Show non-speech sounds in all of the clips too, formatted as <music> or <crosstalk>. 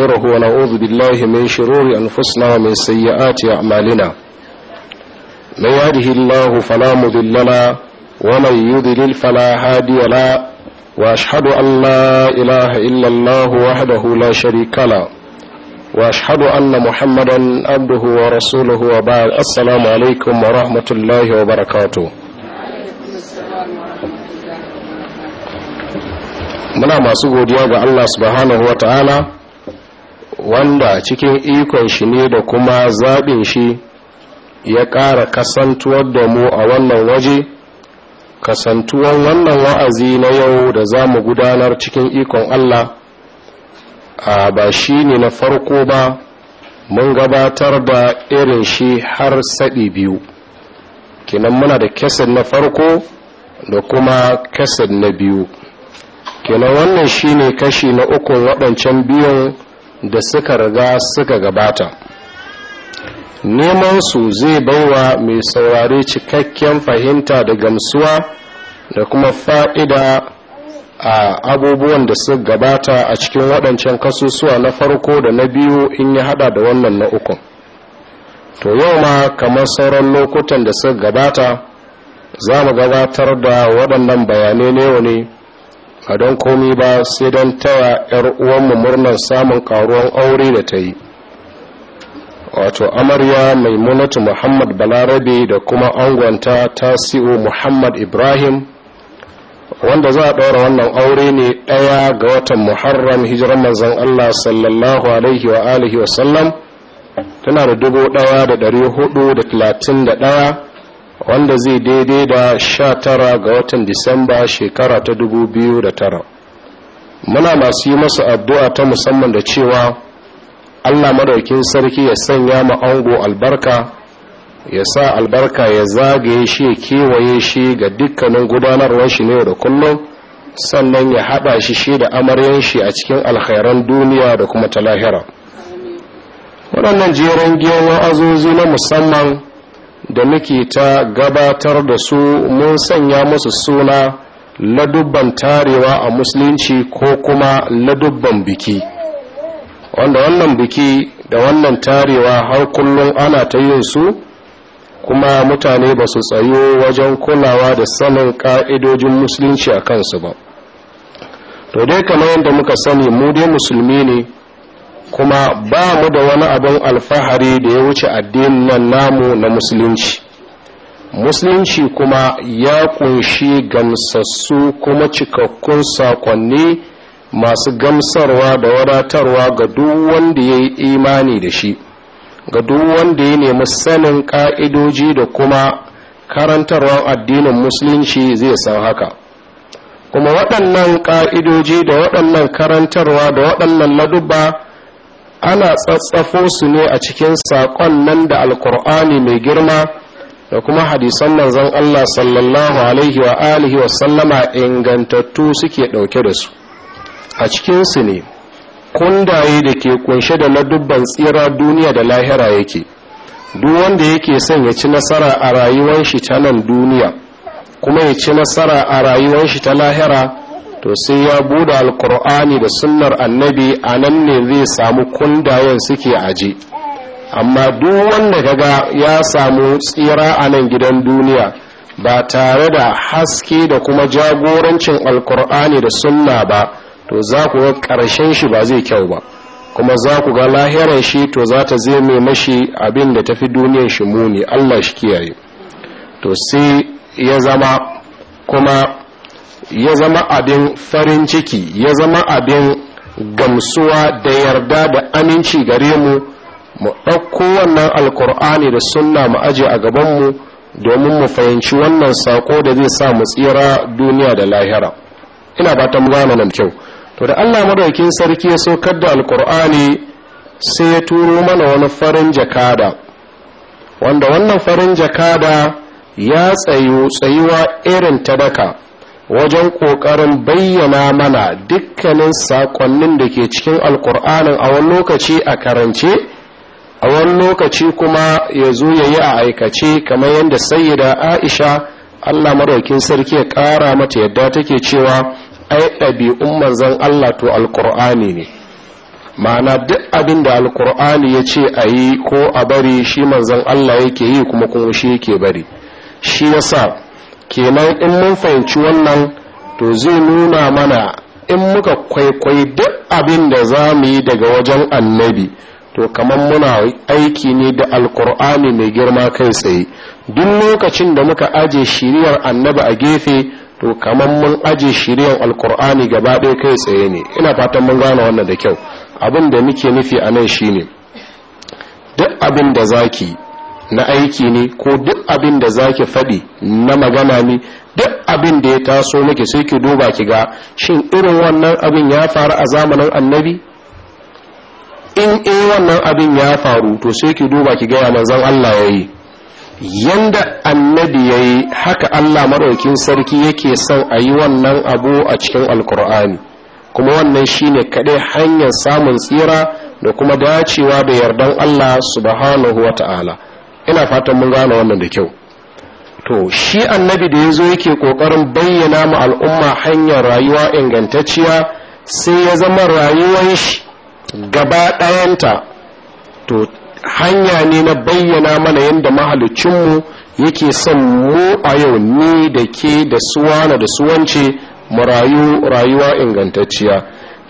ونستغفره ونعوذ بالله من شرور أنفسنا ومن سيئات أعمالنا من يهده الله فلا مضل له ومن يضلل فلا هادي له وأشهد أن لا إله إلا الله وحده لا شريك له وأشهد أن محمدا عبده ورسوله وبعد السلام عليكم ورحمة الله وبركاته muna masu godiya ga Allah subhanahu wa ta'ala wanda cikin ikon shi ne da kuma zaɓin shi ya ƙara kasantuwar da mu a wannan waje kasantuwan wannan wa'azi na yau da za mu gudanar cikin ikon Allah a ba shi ne na farko ba mun gabatar da irin shi har saɗi biyu kinan muna da kesan na farko da kuma kesan na biyu kenan wannan shi ne kashi na ukun waɗancan biyun da suka riga suka gabata neman su zai baiwa mai saurare cikakken fahimta da gamsuwa da kuma fa'ida a abubuwan da suka gabata a cikin waɗancan kasusuwa na farko da na biyu in yi hada da wannan na uku to yau ma kamar sauran lokutan da suka gabata za mu gabatar da waɗannan bayanai ne ne a don komi ba sai don taya 'yar uwanmu murnar samun karuwan aure da ta yi wato amarya maimunatu muhammad balarabe da kuma angonta ta tasi'u muhammad ibrahim wanda za a ɗaura wannan aure ne ɗaya ga watan muharram hijira manzon allah sallallahu alaihi wa alihi tana da dubu ɗaya da ɗari hudu da talatin da ɗaya wanda zai daidai da sha tara ga watan disamba shekara ta dubu biyu da tara muna masu yi masa addu'a ta musamman da cewa allah madaukin sarki ya sanya ma ango albarka ya sa albarka ya zagaye shi ya kewaye shi ga dukkanin gudanarwar shi ne da kullum sannan ya haɗa shi shi da amaryan shi a cikin alkhairan duniya da kuma ta lahira waɗannan jeren giyan wa'azozi na musamman da muke ta gabatar da su mun sanya musu suna ladubban tarewa a musulunci ko kuma ladubban biki wanda wannan biki da wannan tarewa har kullum ana ta yin su kuma mutane ba su tsayo wajen kulawa da sanin ka'idojin musulunci a kansu ba to dai kamar yadda muka sani mu dai musulmi ne kuma ba mu da wani abin alfahari da ya wuce addinin namu na musulunci musulunci kuma ya kunshi gamsassu kuma cikakkun sakonni masu gamsarwa da wadatarwa ga duk wanda ya yi imani da shi ga duk wanda ya nemi sanin ka'idoji da kuma karantarwar addinin musulunci zai san haka kuma waɗannan ka'idoji da waɗannan karantarwa da waɗannan ladubba ana tsatsafo su ne a cikin saƙon nan da alkur'ani mai girma da kuma hadisan nan zan Allah sallallahu alaihi wa alihi wa sallama ingantattu suke ɗauke da su a cikinsu ne kundaye da ke kunshe da dubban tsira duniya da lahira yake duk wanda yake son ya ci nasara a rayuwar shi ta nan duniya kuma ya ci nasara a rayuwar shi ta lahira to sai ya buɗe alkur'ani da sunnar annabi a nan ne zai samu kundayen suke aje amma duk wanda kaga ya samu tsira a nan gidan duniya ba tare da haske da kuma jagorancin alkur'ani da sunna ba to za ku ga ƙarshen shi ba zai kyau ba kuma za ku ga lahirar shi to za ta zai mai mashi abin da tafi duniyar shi muni allah shi kiyaye to sai ya zama kuma ya zama abin farin ciki ya zama abin gamsuwa da yarda da aminci gare mu mu ɗauko wannan alkur'ani da sunna mu aje a gabanmu domin mu fahimci wannan sako da zai sa mu tsira duniya da lahira ina ba ta gane nan kyau to da allah madaukin sarki ya saukar da alkur'ani sai ya turo mana wani farin jakada wanda wannan farin jakada ya tsayu tsayuwa irin ta daka wajen ƙoƙarin bayyana mana dukkanin saƙonnin da ke cikin alƙur'anin a wani lokaci a karance a wani lokaci kuma ya zo ya yi a aikace kamar yadda sayyida aisha allah maraukin sarki ya ƙara mata yadda take cewa ai ɗabi'un manzan allah to alƙur'ani ne ma'ana duk abin da alƙur'ani ya ce a yi ko a bari shi manzan allah yake yi kuma kuma shi yake bari shi yasa kenan in mun fahimci wannan to zai nuna mana in muka kwaikwai duk abin da za mu yi daga wajen annabi to kamar muna aiki ne da alkur'ani mai girma kai tsaye duk lokacin da muka aje shiriyar annabi a gefe to kamar mun aje shiriyar alkur'ani gaba ɗaya kai tsaye ne ina fatan mun gane wannan da kyau abin da muke nufi a nan shine duk abin da zaki na aiki ne ko duk abin da zaki faɗi na magana ne duk abin da ya taso miki sai ki duba ki ga shin irin wannan abin ya faru a zamanin annabi in e wannan abin ya faru to sai ki duba ki gaya manzon Allah ya yi? yanda annabi ya yi haka Allah maraukin sarki yake son a yi wannan abu a cikin alkur'ani kuma wannan shine kaɗai hanyar samun tsira da kuma dacewa da yardan Allah subhanahu wa ta'ala ina fatan mun gane wannan da kyau to shi annabi da ya zo yake ƙoƙarin bayyana ma al'umma hanyar rayuwa ingantacciya sai ya zama rayuwar shi gaba ɗayanta to hanya ne na bayyana mana yadda mahalicinmu yake son mu a yau ni da ke da suwana da suwance mu rayu rayuwa ingantacciya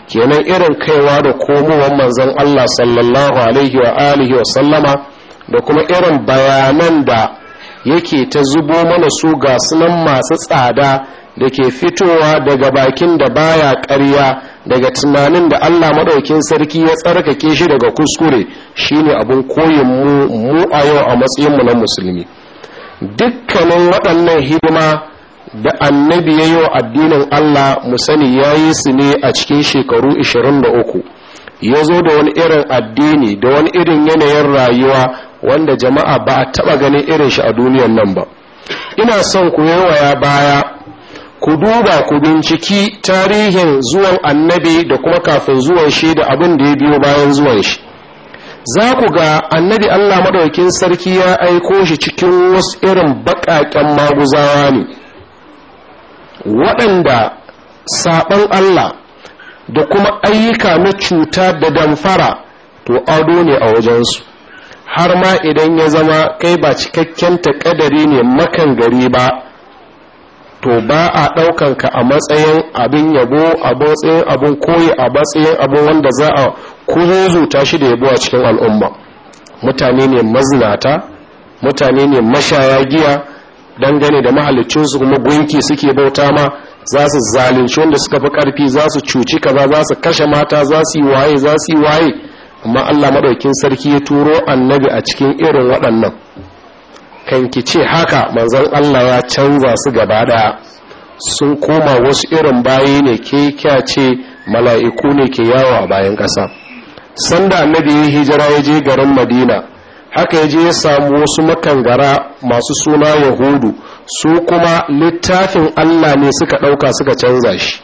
kenan irin kaiwa da komowar manzon Allah sallallahu alaihi wa alihi wa sallama da kuma irin bayanan da yake ta zubo mana su ga sunan masu tsada da ke fitowa daga bakin da baya karya daga tunanin da Allah maɗaukin sarki ya tsarkake shi daga kuskure shine abin koyin mu mu a yau a matsayinmu na musulmi dukkanin waɗannan hidima da annabi ya yi addinin Allah mu sani ya yi su ne a cikin shekaru 23 ya zo da wani irin addini da wani irin yanayin rayuwa wanda jama'a ba a taba ganin irin shi a duniyan nan ba ina son ku yawaya baya ku duba ku binciki tarihin zuwan annabi da kuma kafin zuwan shi da abin da ya biyo bayan zuwan shi za ku ga annabi allah maɗaukin sarki ya aiko shi cikin wasu irin baƙaƙen maguzawa ne waɗanda saɓon allah da kuma ayyuka na cuta da damfara to ado ne a wajensu har ma idan ya zama kai ba cikakken taƙadari ne makan gari ba to ba a ka a matsayin abin yabo a matsayin abin koyi a matsayin abin wanda za a kuzuzuta shi da yabo a cikin al'umma mutane ne mazinata mutane ne mashaya giya dangane da mahalicinsu kuma gunki suke bauta ma za su zalunci wanda suka fi ƙarfi za su cuci kaza za su kashe mata za su yi waye za su yi waye amma Allah madaukin sarki ya turo annabi a cikin irin waɗannan kan ki ce haka manzon Allah ya canza su gaba ɗaya sun koma wasu irin bayi ne ke kya ce mala'iku ne ke yawo a bayan ƙasa sanda annabi ya hijira ya je garin madina haka ya je ya samu wasu makangara masu suna yahudu su kuma littafin allah ne suka ɗauka suka canza shi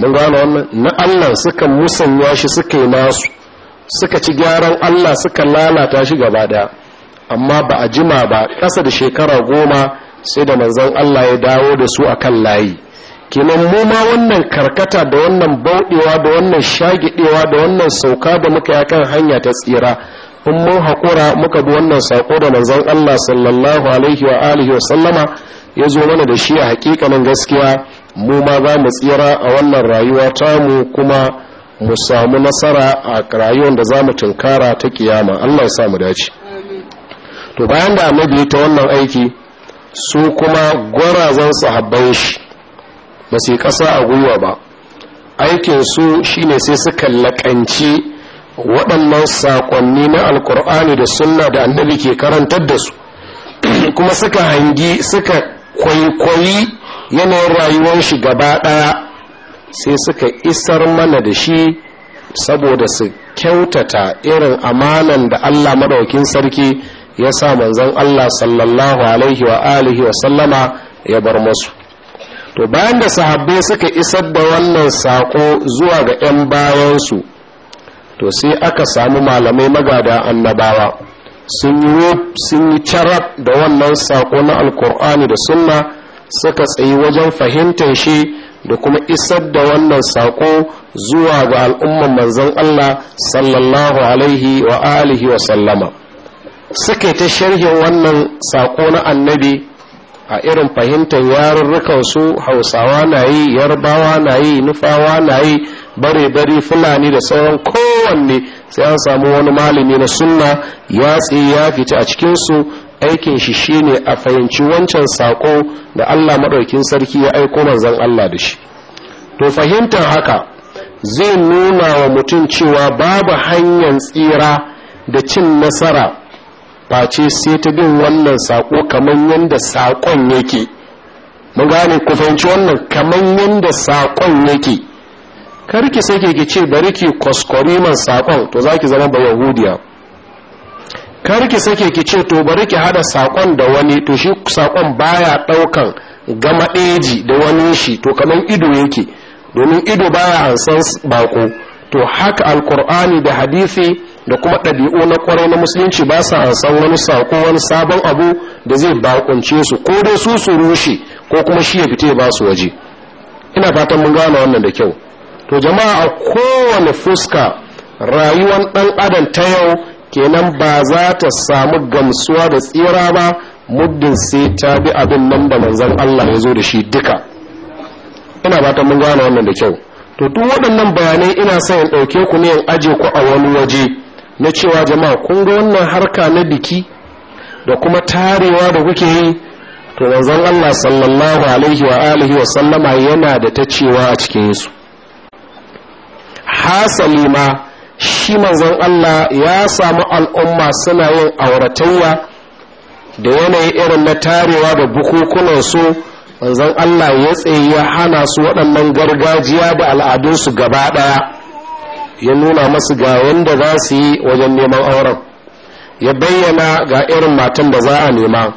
mun gano wannan na allah suka musanya shi suka yi nasu suka ci gyaran Allah suka lalata shi gaba daya amma ba a jima ba ƙasa da shekara goma sai da manzon Allah ya dawo da su akan layi kenan mu ma wannan karkata da wannan bauɗewa da wannan shagidewa da wannan sauka da muka yi kan hanya ta tsira in mun haƙura muka bi wannan saƙo da manzon Allah sallallahu alaihi wa alihi wa sallama ya zo mana da shi a hakikanin gaskiya mu ma za mu tsira a wannan rayuwa mu kuma mu samu nasara a rayuwar da za mu tunkara ta kiyama allah sa mu dace to bayan da annabi ta wannan aiki su kuma gwarazan sahabban shi ba su kasa a gwiwa ba aikin su shine sai suka kallakanci waɗannan saƙonni na alkur'ani da sunna da annabi ke karantar da su <clears throat> kuma suka hangi suka kwaikwayi yanayin rayuwar shi gaba ɗaya sai suka isar mana da shi saboda su kyautata irin amanan da Allah madaukin sarki ya sa manzon Allah sallallahu alaihi wa alihi wa sallama ya bar musu. to bayan da sahabbai suka isar da wannan saƙo zuwa ga 'yan bayansu to sai aka samu malamai magada annabawa sun yi carab da wannan sako na alkur'ani da sunna suka tsayi wajen fahimtar shi da kuma isar da wannan saƙo zuwa ga al'umman manzon Allah sallallahu alaihi wa alihi wa sallama suke ta sharhin wannan saƙo na annabi a irin fahimtar su hausawa na yi yarbawa na yi nufawa na yi bare-bare fulani da sauran kowanne sai an samu wani malami na sunna ya tsaye ya fita a cikinsu aikin shi shine a fahimci wancan sako da Allah madaukin sarki ya aiko manzon Allah da shi to fahimtar haka zai nuna wa mutum cewa babu hanyar tsira da cin nasara face sai ta bin wannan sako kamar yadda sakon yake mun gane ku fahimci wannan kamar yadda sakon yake karki sake ki ce bari ki kuskure man sakon to zaki zama ba yahudiya kar ki sake ki ce to bari ki hada sakon da wani to shi sakon baya daukan gama ɗeji da wani shi to kaman ido yake domin ido baya hansan bako to haka alkur'ani da hadisi da kuma ɗabi'u na kwarai na musulunci ba sa hansan wani sako wani sabon abu da zai bakunce su ko dai su su rushe ko kuma shi ya fita ba su waje ina fatan mun gane wannan da kyau to jama'a a kowane fuska rayuwar ɗan adam ta yau kenan ba za ta samu gamsuwa da tsira ba muddin sai ta bi abin nan da manzan Allah ya zo da shi duka ina ba ta mun gane wannan da kyau to duk waɗannan bayanai ina son in ɗauke ku ne in aje ku a wani waje na cewa jama'a kun ga wannan harka na biki da kuma tarewa da kuke yi to manzan Allah sallallahu alaihi wa alihi wa sallama yana da ta cewa a cikin su hasali ma shi manzan Allah ya samu al'umma suna yin auratayya da yanayi irin na tarewa da bukukunan su manzon Allah ya tsaye ya hana su waɗannan gargajiya da al'adunsu gaba ɗaya ya nuna masu ga wanda za su yi wajen neman auren ya bayyana ga irin matan da za a nema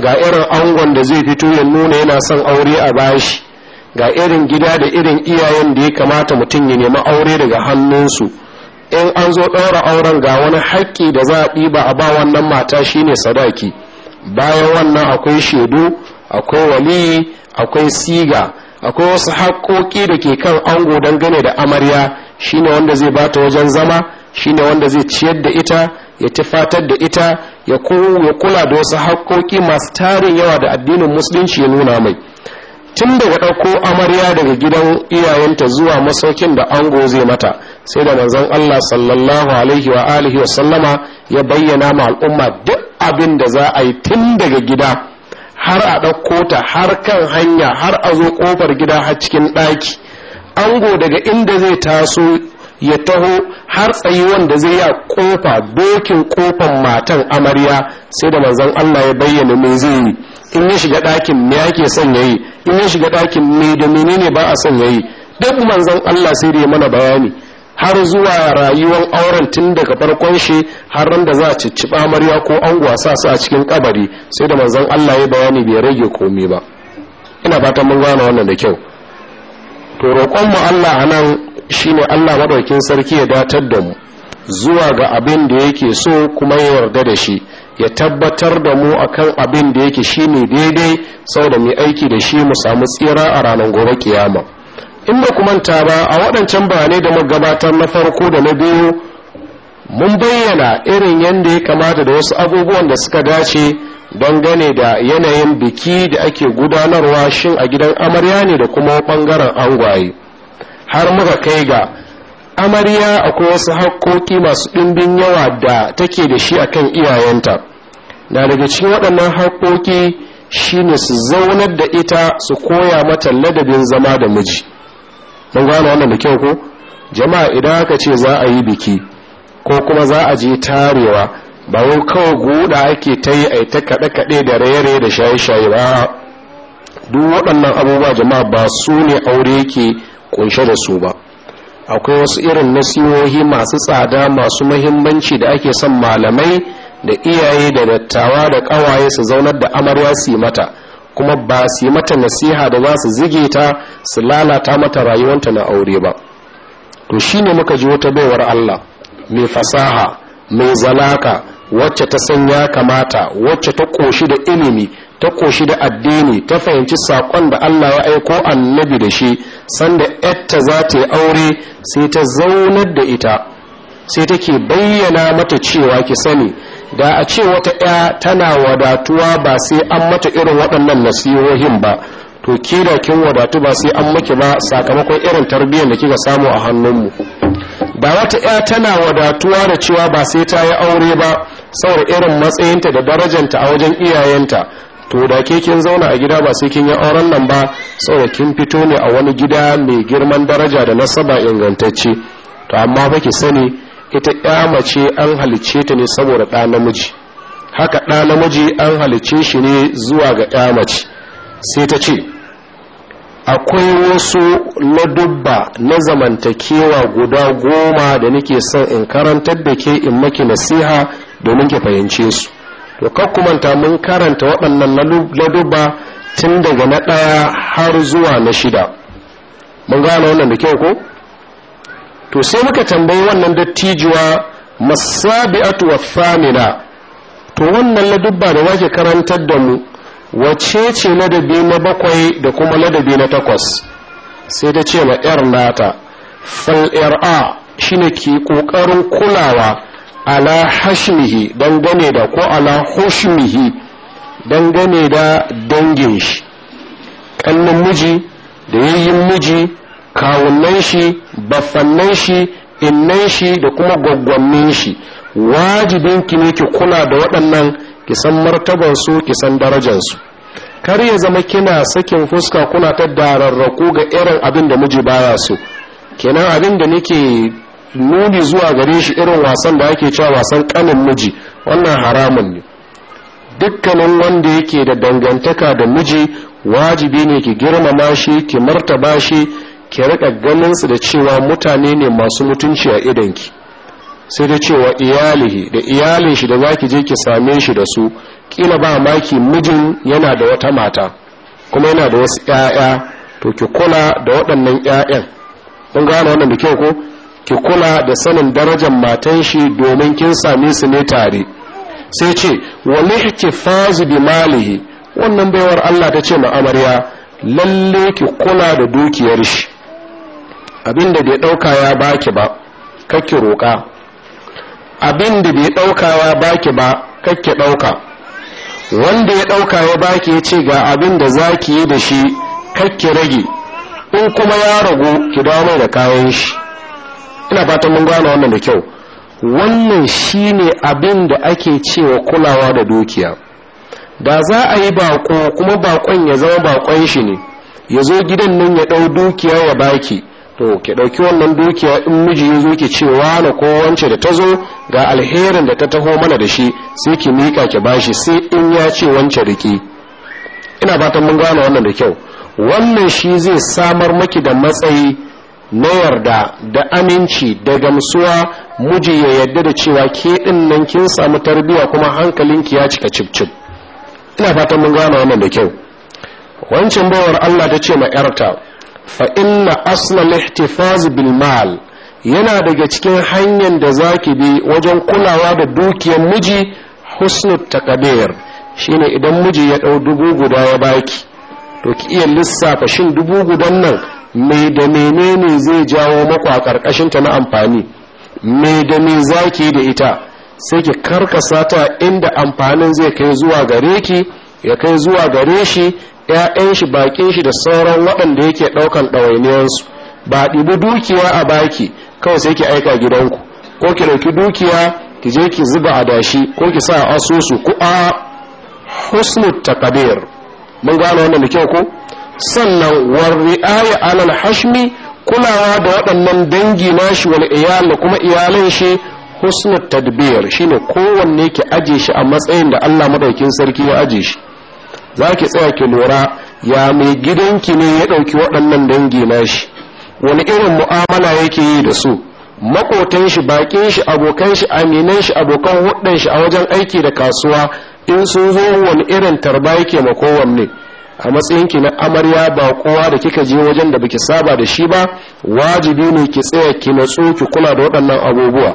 ga irin angon da zai fito ya nuna yana son aure a bashi ga irin gida da irin iyayen da ya kamata mutum ya nemi aure daga hannunsu in an zo ɗaura auren ga wani haƙƙi da za a ɗiba a ba wannan mata shine sadaki bayan wannan akwai shaidu akwai waliyi akwai siga akwai wasu haƙƙoƙi da ke kan ango dangane da amarya shine wanda zai bata wajen zama shine wanda zai ciyar da ita ya tufatar da ita ya kula da wasu haƙƙoƙi masu tarin yawa da addinin musulunci ya nuna mai tun daga ɗauko amarya daga gidan iyayenta zuwa masaukin da ango zai mata sai da manzon Allah sallallahu alaihi wa alihi wa sallama ya bayyana ma al'umma duk abin da za a yi tun daga gida har a ɗauko ta har kan hanya har a zo ƙofar gida har cikin ɗaki ango daga inda zai taso ya taho har tsayi wanda zai ya ƙofa dokin ƙofan matan amarya sai da manzon Allah ya bayyana me zai yi in ya shiga ɗakin me yake son yayi in ya shiga ɗakin me da menene ba a son yayi duk manzon Allah sai da ya mana bayani har zuwa rayuwar auren tun daga farkon shi har da za a cici amarya ko an gwasa su a cikin kabari sai da manzon Allah ya bayani bai rage komai ba ina fatan mun gane wannan da kyau to roƙon mu Allah anan shine Allah madaukin sarki ya datar da mu zuwa ga abin da yake so kuma ya yarda da shi ya tabbatar da mu akan abin da yake shine daidai saboda mu aiki da shi mu samu tsira a ranar gobe kiyama in ba manta ba a waɗancan bayanai da magabatar na farko da na biyu mun bayyana irin yadda ya kamata da wasu abubuwan da suka dace don gane da yanayin biki da ake gudanarwa shin a gidan amarya ne da kuma ɓangaren angwaye har muka kai ga amarya akwai wasu haƙoƙi masu ɗimbin yawa da take da shi akan iyayenta na daga cikin waɗannan shi shine su zaunar da ita su koya mata ladabin zama da miji don gane wannan da kyau ko jama'a idan aka ce za a yi biki ko kuma za a je tarewa ba wai kawai guda ake ta yi a ta kaɗe-kaɗe da rere da shaye-shaye ba duk waɗannan abubuwa jama'a ba su ne aure ke kunshe da su ba akwai wasu irin nasihohi masu tsada masu mahimmanci da ake son malamai da iyaye da dattawa da ƙawaye su zaunar da amarya su yi mata kuma ba su yi mata nasiha da za su zige ta su lalata mata rayuwanta na aure ba to shine muka ji wata baiwar Allah mai fasaha mai zalaka wacce ta san ya kamata wacce ta koshi da ilimi ta koshi da addini ta fahimci saƙon da Allah ya aiko annabi da shi sanda yatta za ta yi aure sai ta zaunar da ita sai take bayyana mata cewa ki sani da a ce wata ya tana wadatuwa ba sai an mata irin waɗannan nasihohin ba to ke kin wadatu ba sai an maki ba sakamakon irin tarbiyyar da kika samu a hannunmu ba wata ya tana wadatuwa da cewa ba sai ta yi aure ba saboda irin matsayinta da darajanta a wajen iyayenta to da ke kin zauna a gida ba sai kin yi auren nan ba saboda kin fito ne a wani gida mai girman daraja da nasaba ingantacce to amma fa ki sani ita ya mace an halicce ta ne saboda ɗa namiji haka ɗa namiji an halicce shi ne zuwa ga ya mace sai ta ce akwai wasu ladubba na zamantakewa guda goma da nake son in karantar da ke in maki nasiha domin ke fahimce su to kakkumanta mun karanta waɗannan ladubba tun daga na ɗaya har zuwa na shida mun gane wannan da kyau ko to sai muka tambayi wannan dattijuwa masabi'atu wa famina to wannan ladubba da wake karantar da mu wace ce ladabi na bakwai da kuma ladabi na takwas sai ta ce ma yar nata fal ir'a shine ke kokarin kulawa ala hashmihi dangane da ko ala hushmihi dangane da dangin shi kallon miji da yayin miji kawunan shi bafannan shi innan shi da kuma gwaggwannin shi wajibin ki ne ki kula da waɗannan ki san martaban su ki san darajar su kar ya zama kina sakin fuska kuna ta dararraku ga irin abin da miji baya so kenan abin da nake nuni zuwa gare shi irin wasan da ake cewa wasan kanin miji wannan haramun ne dukkanin wanda yake da dangantaka da miji wajibi ne ki girmama shi ki martaba shi ki rika ganin su da cewa mutane ne masu mutunci a idanki sai da cewa iyalihi da iyalin shi da zaki je ki same shi da su kila ba maki mijin yana da wata mata kuma yana da wasu ƴaƴa to ki kula da waɗannan ƴaƴan kun gane wannan da kyau ko ki kula da sanin darajar matan shi domin kin same su ne tare sai ce wa lihtifazu bi malihi wannan baiwar Allah ta ce ma amarya lalle ki kula da dukiyar shi abin da bai ɗauka ya baki ba kakki roƙa abin da bai ɗauka ya baki ba kakki ɗauka wanda ya ɗauka ya baki ya ce ga abin da za ki yi da shi kakki rage in kuma ya ragu ki dawo da kayan shi ina fatan mun gane wannan da kyau wannan shine abin da ake cewa kulawa da dukiya da za a yi bako kuma bakon ya zama bakon shi ne ya zo gidan nan ya ɗau dukiya ya baki to ki ɗauki wannan dukiya in miji ya zo ki cewa na ko wance da ta zo ga alherin da ta taho mana da shi sai ki mika ki bashi sai in ya ce wance riki ina ta mun gane wannan da kyau wannan shi zai samar maki da matsayi na yarda da aminci da gamsuwa miji ya yarda da cewa ke ɗin nan kin samu tarbiyya kuma hankalinki ya cika cibcib ina fatan mun gane wannan da kyau wancan bawar Allah ta ce ma 'yarta fa inna asla lihtifaz bil mal yana daga cikin hanyar da zaki bi wajen kulawa da dukiyar miji husnul takadir shine idan miji ya dau dubu guda ya baki to ki iya lissafa shin dubu gudan nan me da menene zai jawo maku a karkashin ta na amfani me da me zaki da ita sai ki karkasa ta inda amfanin zai kai zuwa gare ki ya kai zuwa gare shi ‘ya'yan shi bakin shi da sauran waɗanda yake ɗaukan ɗawainiyarsu ba ɗibi dukiya a baki kawai sai ki aika gidanku ko ki ɗauki dukiya ki je ki zuba a dashi ko ki sa asusu ku a husnu takabir mun gano wannan da kyau ko sannan ri'aya alal hashmi kulawa da waɗannan dangi nashi wal iyal kuma iyalan shi husnu tadbir shine kowanne ki aje shi a matsayin da Allah madaukin sarki ya aje shi za ki tsaya ki lura ya mai gidanki ne ya ɗauki waɗannan dangi na shi wani irin mu'amala yake yi da su makotan shi bakin shi abokan shi aminan shi abokan hudun shi a wajen aiki da kasuwa in sun zo wani irin tarba yake ma kowanne a matsayin ki na amarya ba kowa da kika je wajen da baki saba da shi ba wajibi ne ki tsaya ki natsu ki kula da waɗannan abubuwa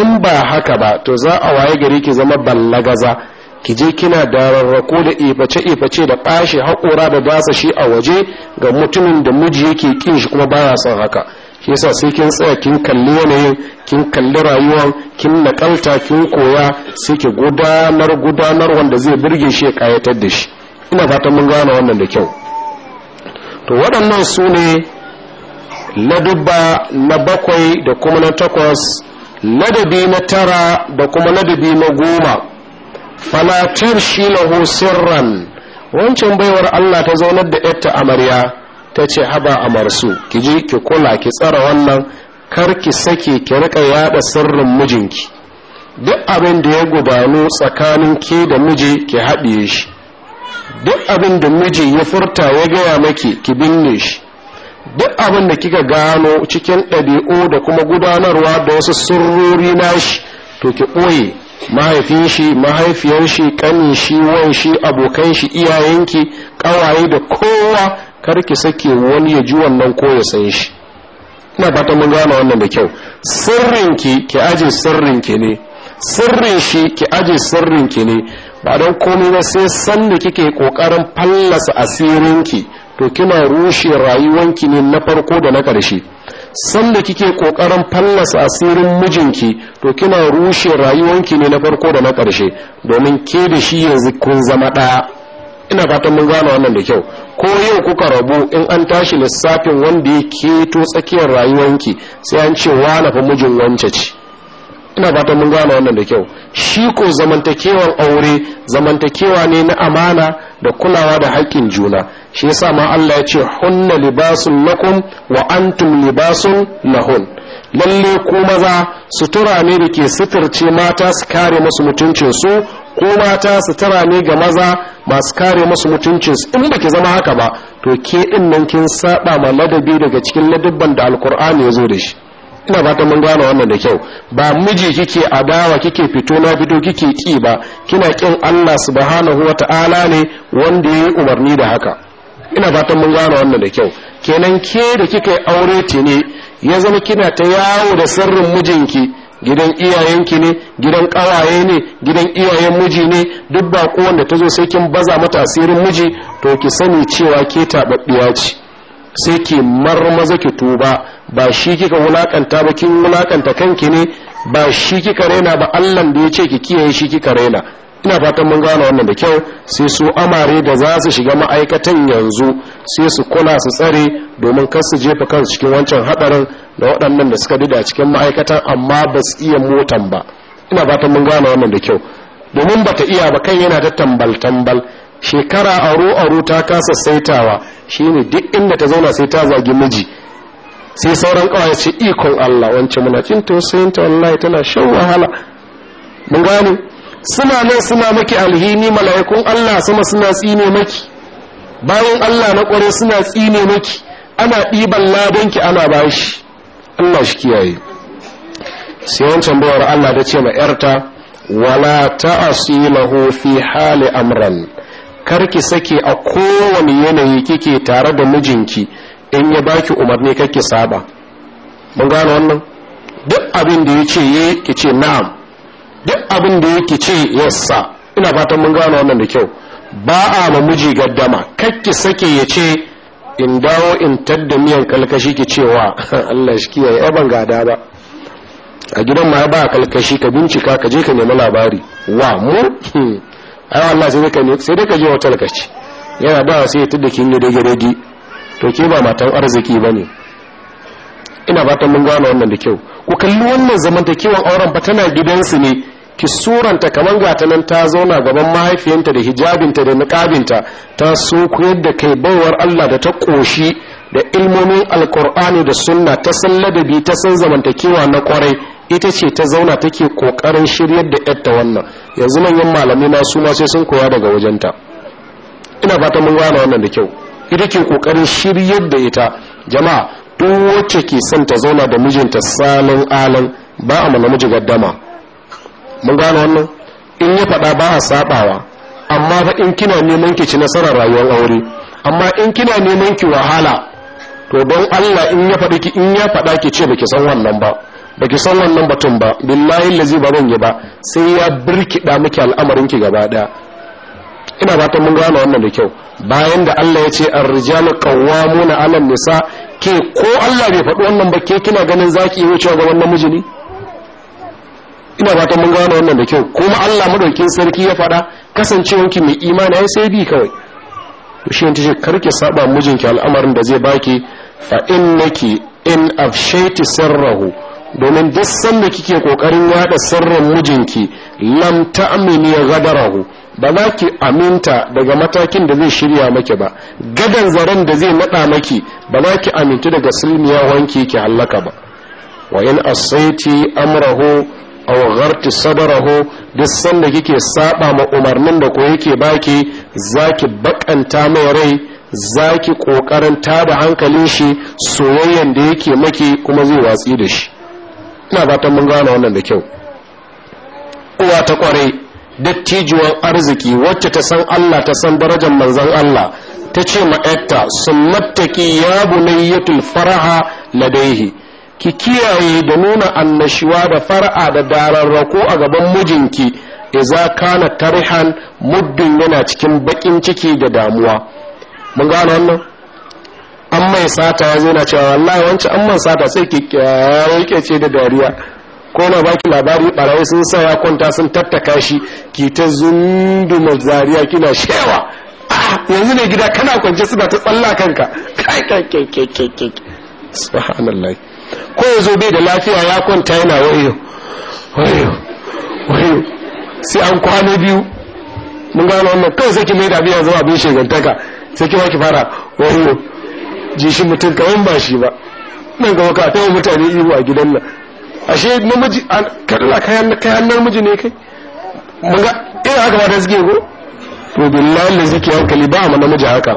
in ba haka ba to za a waye gari ki zama ballagaza ki je kina da rarrako da iface-iface da ɓashe haƙora da dasa shi a waje ga mutumin da miji yake kin shi kuma baya son haka shi yasa sai kin tsaya kin kalli yanayin kin kalli rayuwar kin nakalta kin koya sai ki gudanar gudanar wanda zai birge shi ya kayatar da shi ina fatan mun gane wannan da kyau to waɗannan su ne ladubba na bakwai da kuma na takwas ladabi na tara da kuma ladabi na goma fala tarshi lahu sirran wancan baiwar Allah ta zaunar da yatta amarya ta ce haba amarsu ki je ki kula ki tsara wannan kar ki sake ki rika yada sirrin mijinki duk abin da ya gubano tsakanin ke da miji ki haɗiye shi duk abin da miji ya furta ya gaya maki ki binne shi duk abin da kika gano cikin ɗabi'u da kuma gudanarwa da wasu sirrori nashi to ki ɓoye mahaifin shi mahaifiyar shi kanin shi wan shi abokan shi iyayenki kawaye da kowa karki sake wani ya ji wannan ko ya san shi ina fata mun gane wannan da kyau sirrinki ki aje sirrinki ne sirrin shi ki aje sirrinki ne ba don komai ba sai san da kike kokarin fallasa asirinki to kina rushe rayuwanki ne na farko da na ƙarshe sanda kike kokarin fallasa asirin mijinki to kina rushe rayuwanki ne na farko da na ƙarshe domin ke da shi yanzu kun zama ɗaya ina fatan mun gane wannan da kyau ko yau kuka rabu in an tashi lissafin wanda ya keto tsakiyar rayuwanki sai an ce wa fa mijin wance ce ina fatan mun gane wannan da kyau shi ko zamantakewan aure zamantakewa ne na amana da kulawa da haƙƙin juna shi yasa ma Allah ya ce hunna libasun lakum wa antum libasun lahun lalle ko maza sutura ne da ke suturce mata su kare masu mutuncin su ko mata sutura ne ga maza masu kare masu mutuncinsu su in ke zama haka ba to ke din nan kin saba ma ladabi daga cikin ladabban da alkur'ani ya zo da shi ina ba ta mun wannan da kyau ba miji kike adawa kike fito na fito kike ki ba kina kin Allah subhanahu wata'ala ne wanda yayi umarni da haka ina fatan mun gane wannan da kyau kenan ke da kika aure ce ne ya zama kina ta yawo da sirrin mijinki gidan iyayenki ne gidan kawaye ne gidan iyayen miji ne duk ba wanda ta zo sai kin baza mata asirin miji to ki sani cewa ke taɓaɓɓiya ce sai ki marmaza ki tuba ba shi kika wulakanta ba kin wulakanta kanki ne ba shi kika raina ba Allah da ya ce ki kiyaye shi kika raina ina fatan mun gane wannan da kyau sai su amare da za su shiga ma'aikatan yanzu sai su kula su tsare domin kar su jefa kansu cikin wancan hadarin da waɗannan da suka dida cikin ma'aikatan amma ba su iya motan ba ina fatan mun gane wannan da kyau domin bata iya ba kan yana ta tambal tambal shekara aro aro ta kasa saitawa shi ne duk inda ta zauna sai ta zagi miji sai sauran kawai ce ikon Allah wance muna cin tausayin ta wallahi tana shan wahala mun gane suna nan suna maki alhini mala'ikun Allah sama suna tsine maki bayan Allah na kware suna tsine maki ana ɗiban ladanki ana bashi Allah shi kiyaye sai wancan bayar Allah da ce ma yarta wala ta'asi lahu fi hali amran kar ki sake a kowane yanayi kike tare da mijinki in ya baki umarni kar saba mun gane wannan duk abin da ya ce ki ce na'am duk abin da yake ce yassa ina fatan mun gane wannan da kyau ba a ma miji gaddama kar ki sake ya ce in dawo in tadda miyan kalkashi ki cewa <laughs> Allah shi kiyaye ai ban gada ba a gidan ma ba kalkashi ka bincika ka je ka nemi labari wa mu hmm. ai Allah sai ka ne sai ka je wata lokaci yana dawa sai ya tudda kin yi dage to ke ba matan arziki bane ina fatan mun gano wannan da kyau ku kalli wannan zamantakewan auren ba tana gidansu ne ki suranta kaman ta nan ta zauna gaban mahaifiyanta da hijabinta da niqabinta ta so koyar da kai bawar Allah da ta koshi da ilmomin alkur'ani da sunna ta san ladabi ta san zamantakewa na kwarai ita ce ta zauna take kokarin shiryar da yarta wannan yanzu manyan malamai na su ma sai sun koya daga wajenta ina fata mun gane wannan da kyau ita ke kokarin shiryar da ita jama'a duk wacce ke son ta zauna da mijinta salon alan ba a mana miji gaddama mun gane wannan in ya faɗa ba a sabawa amma fa in kina neman ki ci nasarar rayuwar aure amma in kina neman ki wahala to don Allah in ya faɗa ki in ya faɗa ki ce baki san wannan ba ba ki san wannan batun ba billahi lazi ba zan yi ba sai ya birkiɗa miki al'amarin ki gaba daya ina ta mun gane wannan da kyau bayan da Allah ya ce ar-rijalu qawwamuna 'ala nisa ke ko Allah bai faɗi wannan ba ke kina ganin zaki yi wucewa ga wannan miji ne ina ta mun gane wannan da kyau kuma Allah madaukin sarki ya faɗa kasancewanki mai imani ai sai bi kawai to shi ne kar ki saba mijinki al'amarin da zai baki fa innaki in afshaiti sirrahu domin duk sanda kike kokarin yada sirrin mijinki lam ta'mini ghadarahu ba za ki aminta daga matakin da zai shirya maki ba gadan zaren da zai nada maki ba za ki aminta daga silmiya wanki ki hallaka ba wa in asaiti amrahu aw gharti sadrahu duk sanda kike saba ma umarnin da ko yake baki zaki bakanta mai rai zaki kokarin tada hankalin shi soyayyen da yake maki kuma zai watsi da shi ina ta mun gane wannan da kyau uwa ta kware dattijuwan arziki wacce ta san Allah ta san darajar manzon Allah ta ce ma yarta sumattaki ya bunayyatul faraha ladaihi ki kiyaye da nuna annashuwa da fara'a da dararrako a gaban mijinki iza kana tarihan muddin yana cikin bakin ciki da damuwa mun gane wannan an mai sata ya zina cewa wallahi wancan an man sata sai ke yake ce da dariya ko na baki labari barayi sun sa ya kwanta sun tattaka shi ki ta zunduma zariya kina shewa ah, yanzu ne gida kana kwance suna ta tsalla kanka subhanallah ko ya zo bai da lafiya ya kwanta yana wayo wayo wayo sai an kwana biyu mun gano wannan kawai sai ki mai da biya zuwa bin shegantaka sai ki ba ki fara wayo ji shi mutum kawan ba shi ba nan gaba ka tawo mutane ihu a gidan nan ashe namiji kadala kayan kayan namiji ne kai mun ga ina haka ba ta suke ko to billahi da zike hankali ba mu namiji haka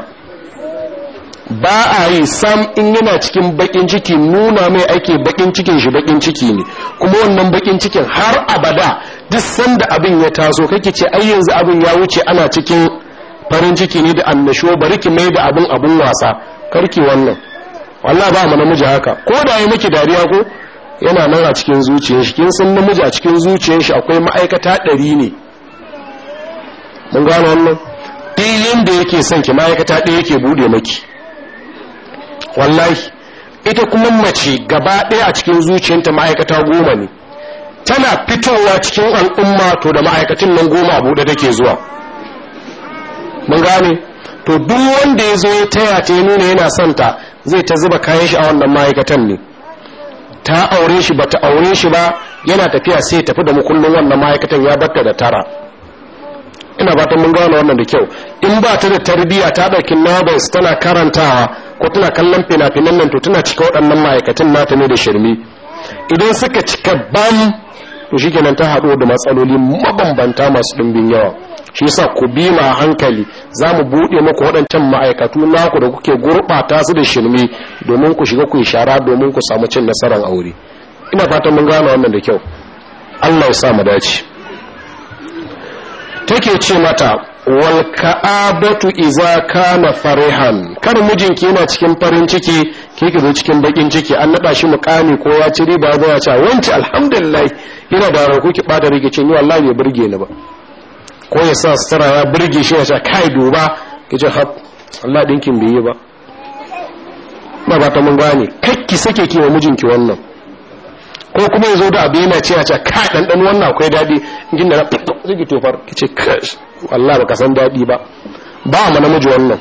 ba a yi sam in yana cikin bakin ciki nuna mai ake bakin cikin shi bakin ciki ne kuma wannan bakin cikin har abada duk sanda abin ya taso kake ce ai yanzu abin ya wuce ana cikin farin ciki ne da annashuwa bari ki mai da abin abun wasa karki wannan wallahi ba mu namiji haka ko da yayi miki dariya ko yana nan a cikin zuciyar shi kin san namiji a cikin zuciyar shi akwai ma'aikata ɗari ne mun gano wannan ɗin da yake son ki ma'aikata ɗaya yake bude maki wallahi ita kuma mace gaba ɗaya a cikin zuciyarta ma'aikata goma ne tana fitowa cikin al'umma to da ma'aikatan nan goma a buɗe take zuwa mun gane to duk wanda ya zo ya taya ta ya nuna yana santa zai ta zuba kayan shi a wannan ma'aikatan ne ta aure shi bata aure shi ba yana tafiya sai tafi da mukullin wannan ma'aikatan ya batta da tara ina fatan mun gane wannan da kyau in ba ta da tarbiyya ta ɗauki novels tana karantawa ko tana kallon fina-finan nan to tana cika waɗannan ma'aikatan nata ne da shirme idan suka cika bam to shikenan ta haɗu da matsaloli mabambanta masu ɗumbin yawa shi yasa ku bi ma hankali za mu buɗe muku waɗancan ma'aikatu naku da kuke gurɓata su da shirme domin ku shiga ku shara domin ku samu cin nasarar aure ina fatan mun gane wannan da kyau Allah ya sa mu dace take ce mata wal ka'abatu iza kana farihan kar mijinki yana cikin farin ciki ke ki zo cikin bakin ciki an naɗa shi mukami ko ya ci riba ba ya ci wanci alhamdulillah ina da ranku ki bada rigicin ni wallahi bai burge ni ba ko ya sa sutura ya birge shi wace kai duba ya ce hab Allah ɗinkin bai yi ba ba ba ta mun gane kakki sake ki wa mijinki wannan ko kuma ya zo da abu yana cewa cewa ka ɗanɗan wannan akwai daɗi gina da na zai tofar ya ce kash Allah baka san daɗi ba ba mu namiji wannan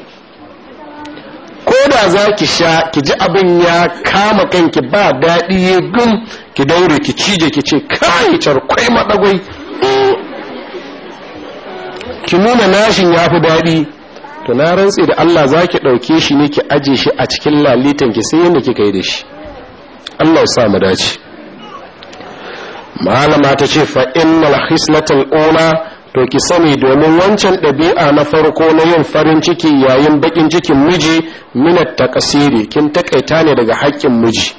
ko da za ki sha ki ji abin ya kama kanki ba daɗi ya gum ki daure ki cije ki ce kai charkwai madagwai ki nuna nashin ya fi daɗi to na rantse da Allah za ki ɗauke shi ne ki aje shi a cikin lalitan ki sai yadda kika yi da shi Allah sa mu dace malama ta ce fa innal hislatul ula to ki sani domin wancan ɗabi'a na farko na yin farin ciki yayin bakin cikin miji mina takasiri kin takaita ne daga haƙƙin miji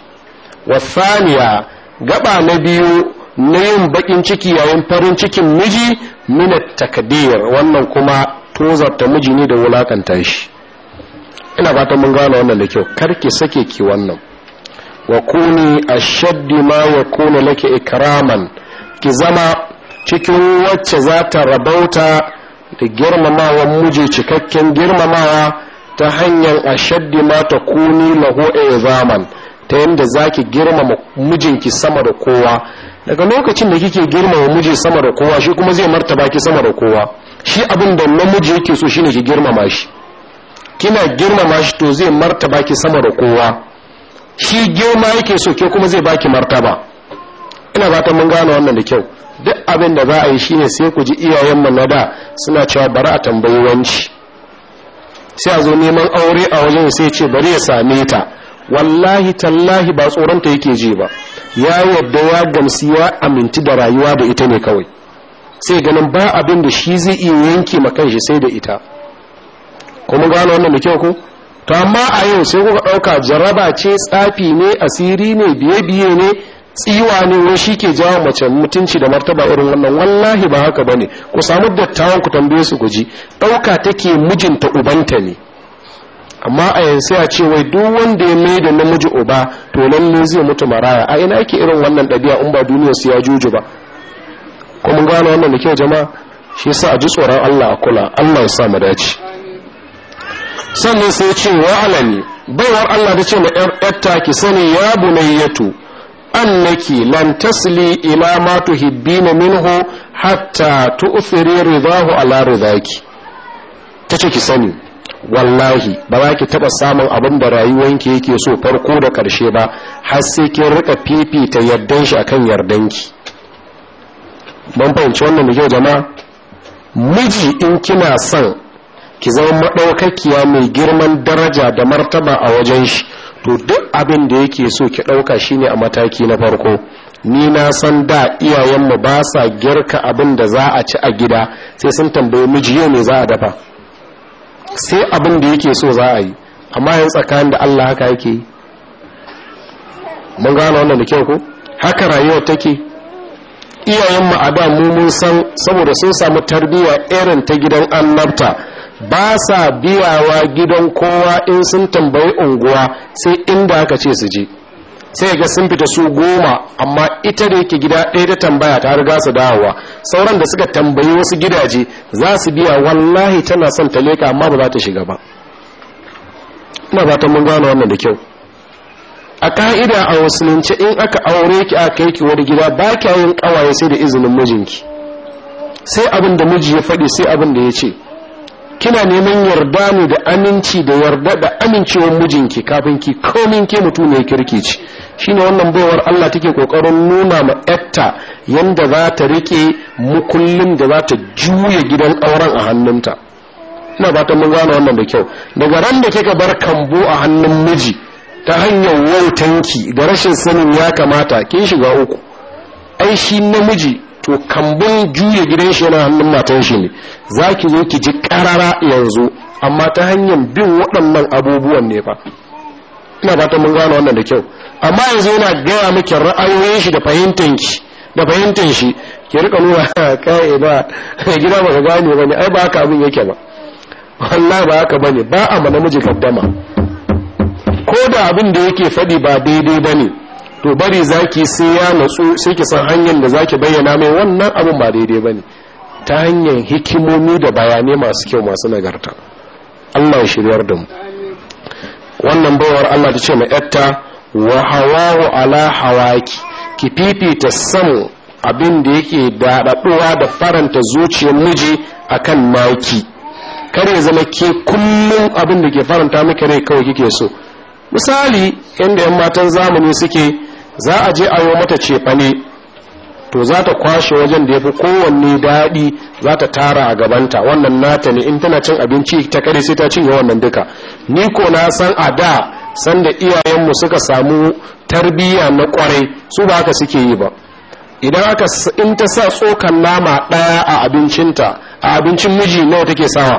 wasaniya gaba na biyu na yin bakin ciki yayin farin cikin miji mina takdir wannan kuma tozarta miji ne da wulakanta shi ina fatan mun gane wannan da kyau karki sake ki wannan wa kuni ashaddi ma wa laki ikraman ki zama cikin wacce za ta rabauta da girmamawa miji cikakken girmamawa ta hanyar ashaddi ma ta kuni lahu zaman ta yadda za ki girmama mijinki sama da kowa daga lokacin da kike girmama miji sama da kowa shi kuma zai martaba ki sama da kowa shi abin da namiji yake so shine ki girmama shi kina girmama shi to zai martaba ki sama da kowa shi girma yake so ke kuma zai baki martaba ina fatan mun gane wannan da kyau duk abin da za a yi shine sai ku ji iyayen mu na da suna cewa bari a tambayi wanci sai a zo neman aure a wajen sai ce bari ya same ta wallahi tallahi ba tsoronta yake ji ba ya yarda ya gamsi ya aminci da rayuwa da ita ne kawai sai ganin ba abin da shi zai iya yanke ma kanshi sai da ita kuma gano wannan da kyau ko to amma a yau sai kuka ɗauka jaraba ce tsafi ne asiri ne biye-biye ne tsiwa ne wai shi ke jawo mace mutunci da martaba irin wannan wallahi ba haka bane ku samu dattawan ku tambaye su guji ɗauka take mijinta ubanta ne amma a yanzu a ce wai duk wanda ya mai da namiji uba to lalle zai mutu maraya a ina ake irin wannan ɗabi'a in ba duniyar su ya juju ba mun gano wannan da kyau jama'a shi yasa a ji tsoron Allah a kula Allah ya sa mu dace sannan sai ce wa alani baiwar Allah ta ce ma yarta ki sani ya bunayyatu annaki lan tasli ila ma tuhibbina minhu hatta tu'thiri ridahu ala ridaki tace ki sani wallahi ba za ki taba samun abin da rayuwanki yake so farko da karshe ba har sai kin rika fifita yardan shi akan ki ban fahimci wannan da kyau jama'a miji in kina son ki zama madaukakiya mai girman daraja da martaba a wajen shi to duk abin da yake so ki dauka shine a mataki na farko ni na san da iyayenmu ba sa girka abin da za a ci a gida sai sun tambayi miji yau ne za a dafa sai abin da yake so za a yi amma yin tsakanin da Allah haka yake yi mun gano wannan da kyau ko haka rayuwa take iyayenmu a da mu mun san saboda sun samu tarbiyya irin ta gidan annabta ba sa biyawa gidan kowa in sun tambayi unguwa sai inda aka ce su je sai ga sun fita su goma amma ita da yake gida ɗaya ta tambaya ta riga su dawowa sauran da suka tambayi wasu gidaje za su biya wallahi tana son ta leka amma ba za ta shiga ba ina ba ta mun gane wannan da kyau a ka'ida a musulunci in aka aure ki aka kai ki wani gida ba kya yin kawaye sai da izinin mijinki sai abin da miji ya faɗi sai abin da ya ce kina neman yarda ne da aminci da yarda da amincewar mijinki kafin ki komin ke mutum ne kirki ce shine wannan baiwar Allah take kokarin nuna ma yatta yanda za ta rike mukullin da za ta juya gidan auren a hannunta ina fatan mun gane wannan da kyau daga ran da kika bar kambu a hannun miji ta hanyar wautanki da rashin sanin ya kamata kin shiga uku ai shi namiji to kambun juya gidan shi yana hannun matan shi ne za ki zo ki ji karara yanzu amma ta hanyar bin waɗannan abubuwan ne fa ina fatan mun gano wannan da kyau amma yanzu yana gaya miki ra'ayoyin shi da fahimtar ki da fahimtar shi ki rika nuna <laughs> kai ba gida ba ka gane bane ai ba haka abin yake ba wallahi ba haka bane ba a ma namiji gaddama ko da abin da yake fadi ba daidai bane to bari zaki sai ya natsu sai ki san hanyar da zaki bayyana mai wannan abin ba daidai bane ta hanyar hikimomi da bayanai masu kyau masu nagarta Allah ya shiryar da mu wannan baiwar Allah ta ce ma yatta wa hawahu ala hawaki ki fifita samu abin da yake daɗaɗuwa da faranta zuciyar miji akan maki. kar ya zama ke kullum abin da ke faranta maka rai kawai kike so misali inda yan matan zamani suke za a je a yi mata cefane to za ta kwashe wajen da ya fi kowanne daɗi za ta tara a gabanta wannan nata ne in tana cin abinci ta kare sai ta cinye wannan duka ni ko na san a da sanda iyayenmu suka samu tarbiyya na kwarai su ba haka suke yi ba idan aka in ta sa tsokan nama ɗaya a abincinta a abincin miji nawa take sawa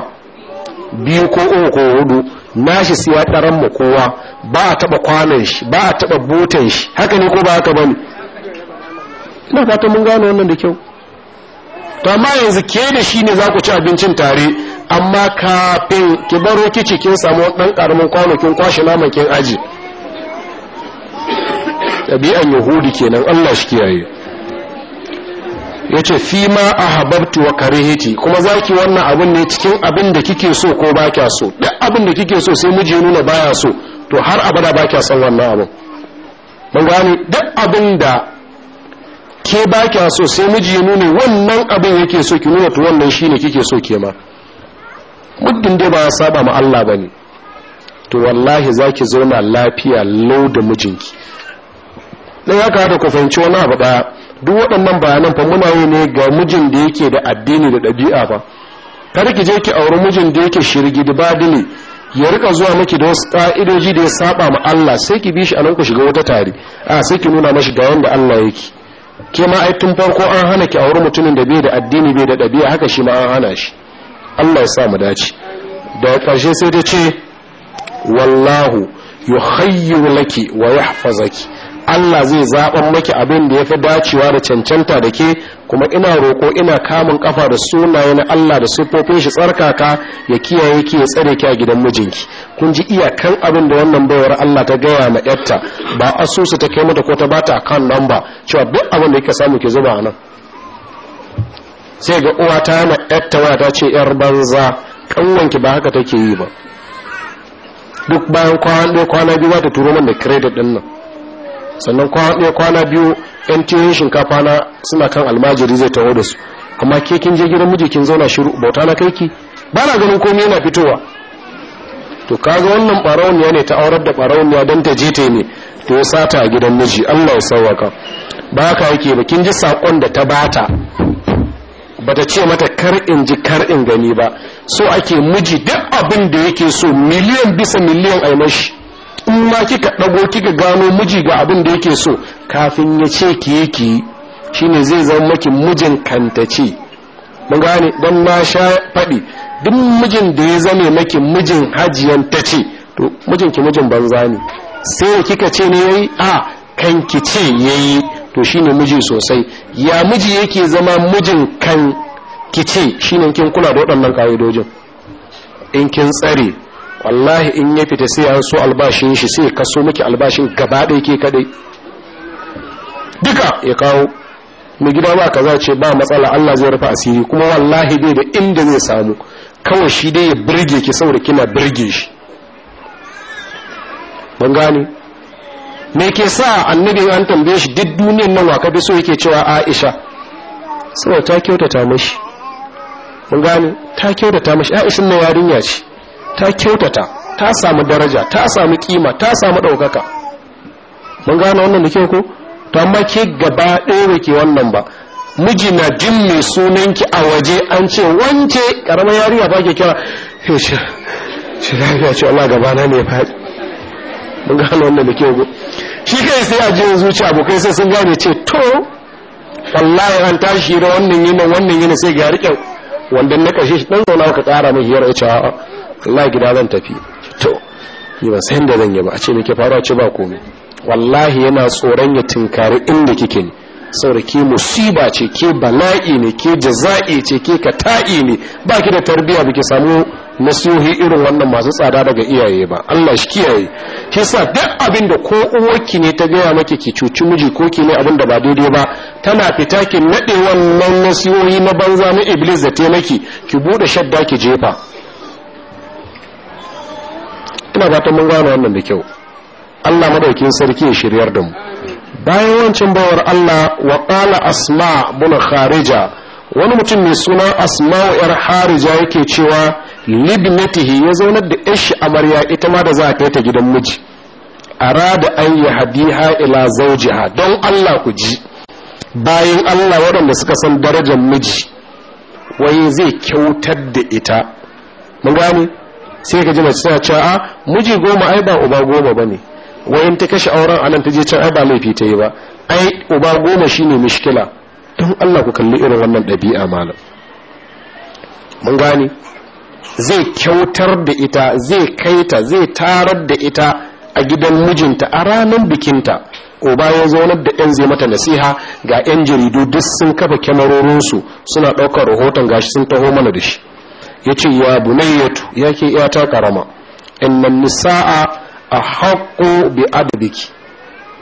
biyu ko uku ko hudu nashi siya ɗaran mu kowa ba a taɓa kwanan shi ba a taɓa botan shi haka ne ko ba haka bane ina fatan mun gano wannan da kyau to amma yanzu ke da shi ne za ku ci abincin tare amma kafin ki baro kici kin samu ɗan ƙaramin kwano kin kwashe naman kin aji ɗabi'an yahudi kenan allah shi kiyaye ya fi ma a hababtu wa karihiti kuma za ki wannan abin ne cikin abin da kike so ko ba kya so duk abin da kike so sai miji nuna baya so to har abada ba kya son wannan abin mun gani duk abin da ke ba kya so sai miji ya nuna wannan abin yake so ki nuna to wannan shine kike so ke ma muddin dai ba saba ma Allah bane to wallahi zaki zauna lafiya lau da mijinki dan haka da ku fahimci wani abu da duk waɗannan bayanan fa muna yi ne ga mijin da yake da addini da ɗabi'a fa kar ki je ki auri mijin da yake shirgidi badili ya rika zuwa miki da wasu ƙa'idoji da ya saba ma Allah sai ki bi shi a nan ku shiga wata tare a sai ki nuna mashi ga yanda Allah yake ke ma ai tun farko an hana ki auri mutumin da bai da addini bai da ɗabi'a haka shi ma an hana shi Allah ya sa mu dace da ƙarshe sai ta ce wallahu yuhayyiru laki wa yahfazaki Allah zai zaɓan maki abin da ya fi dacewa da cancanta da ke kuma ina roƙo ina kamun kafa da sunaye na Allah da siffofin shi tsarkaka ya kiyaye ki ya tsare ki a gidan mijinki kun ji iyakan abin da wannan bayar Allah ta gaya ma yarta ba asusu ta kai mata ko ta bata kan lamba cewa duk abin da kika samu ki zuba nan sai ga uwa ta na yarta ta ce yar banza kanwanki ba haka take yi ba duk bayan kwana biyu za ta turo mana da credit din nan sannan kwana biyu yan tiyoyin shinkafa na suna kan almajiri zai taho da su amma ke kin je gidan miji kin zauna shiru bauta na kai ki ba na ganin komai yana fitowa to kaga wannan barawniya ne ta aurar da barawniya don ta je ta ne to ya sata a gidan miji Allah ya sauwaka ba ka yake ba kin ji sakon da ta bata bata ce mata kar in ji kar in gani ba so ake miji duk abin da yake so miliyan bisa miliyan ai mashi in ma kika dago kika gano miji ga abin da yake so kafin ya ce ki yake shine zai zama maki mijin kantace mun gane dan ma sha faɗi duk mijin da ya zame maki mijin hajiyan ta to mijin ki mijin banza ne sai kika ce ne yayi a kan ki ce yayi to shine miji sosai ya miji yake zama mijin kan ki ce shine kin kula da waɗannan dojin in kin tsare wallahi in ya fita sai an so albashin shi sai ka so miki albashin gaba ɗaya ke kaɗai duka ya kawo mai gida ba kaza ce ba matsala Allah zai rufe asiri kuma wallahi bai da inda zai samu kawai shi dai ya birge ki saboda kina birge shi mun gane me ke sa annabi an tambaye shi duk duniyar nan waka bi so yake cewa Aisha saboda ta kyautata mashi mun gane ta kyautata mashi Aisha nan yarinya ce ta kyautata ta samu daraja ta samu kima ta samu ɗaukaka mun gane wannan da ke ko to amma ke gaba ɗaya ke wannan ba miji na jin mai sunanki a waje an ce wance karamar yariya ba ke kira shi lafiya ce Allah gaba na ne faɗi mun gane wannan da ke ko shi kai sai a jin zuci abokai sai sun gane ce to wallahi an tashi da wannan yinin wannan yinin sai ga riƙe wanda na kashe shi dan zauna ka tsara mai hiyar ya ce a'a wallahi gida zan tafi to yi ba san da zan yi ba a ce me ke faruwa ce ba komai wallahi yana tsoron ya tinkari inda kike ne saboda ke musiba ce ke bala'i ne ke jaza'i ce ke kata'i ne ba ki da tarbiyya ba ki samu nasihohi irin wannan masu tsada daga iyaye ba Allah shi kiyaye shi sa duk abin da ko uwarki ne ta gaya maki ki cuci miji ko ki ne abin da ba daidai ba tana fita ki nade wannan nasihohi na banza na iblis da taimaki ki bude shadda ki jefa ina fatan mun gane wannan da kyau Allah madaukin sarki ya shiryar da mu bayan wancan bawar Allah wa qala asma bun kharija wani mutum mai suna asma yar harija yake cewa libnatihi ya zaunar da ishi amarya ita ma da za a ta gidan miji arada an hadiha ila zawjiha don Allah ku ji bayan Allah waɗanda suka san darajar miji waye zai kyautar da ita mun gane sai ka ji masu tana cewa a ah, miji goma ai ba uba goma bane wayan ta kashe auren anan ta je can ai ba laifi ta yi ba ai uba goma shine mishkila don Allah ku kalli irin wannan ɗabi'a malam mun gane zai kyautar da ita zai kai ta zai tarar da ita a gidan mijinta a ranar bikinta uba ya zaunar da yan zai mata nasiha ga yan jaridu duk sun kafa kyamarorinsu suna ɗaukar rahoton gashi sun taho mana da shi ya ce ya bunayyatu ya ke yata karama innan nisa'a a haƙo bi adabiki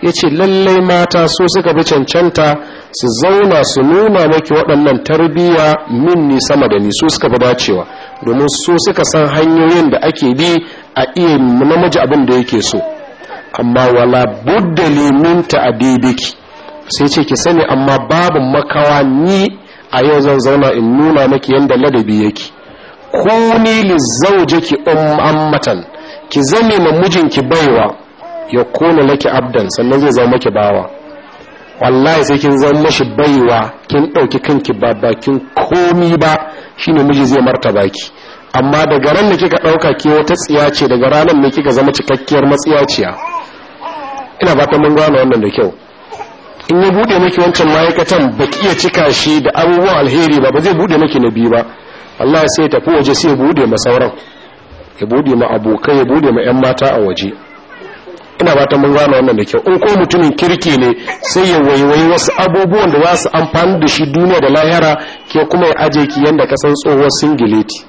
ya ce lallai mata so suka bi cancanta su zauna su nuna maki waɗannan tarbiyya min ni sama da ni so suka fi dacewa domin so suka san hanyoyin da ake bi a iya namiji abin da yake so amma wala budda liminta a daidaki sai ce ki sani amma babu makawa ni a yau zan zauna in nuna maki yadda ladabi yake kuni lizaujaki ummatan umm-, ki zame ma mijinki baiwa ya kona laki abdan sannan zai zama ki bawa wallahi sai kin zama mashi baiwa kin dauki kanki ba bakin komi ba shine miji zai martaba ki amma daga ran da kika dauka ke wata tsiya ce daga ranar ne kika zama cikakkiyar matsiyaciya ina fatan mun gane wannan da kyau in ya bude miki wancan ma'aikatan baki iya cika shi da abubuwan alheri ba ba zai bude miki na biyu ba Allah ya sai tafi waje sai ya bude ma sauran ya bude ma abokai ya bude ma yan mata a waje ina fatan mun gane wannan da kyau in ko mutumin kirki ne sai ya waiwayi wasu abubuwan da za su amfani da shi duniya da lahira ke kuma ya aje ki yanda ka san tsohuwar singileti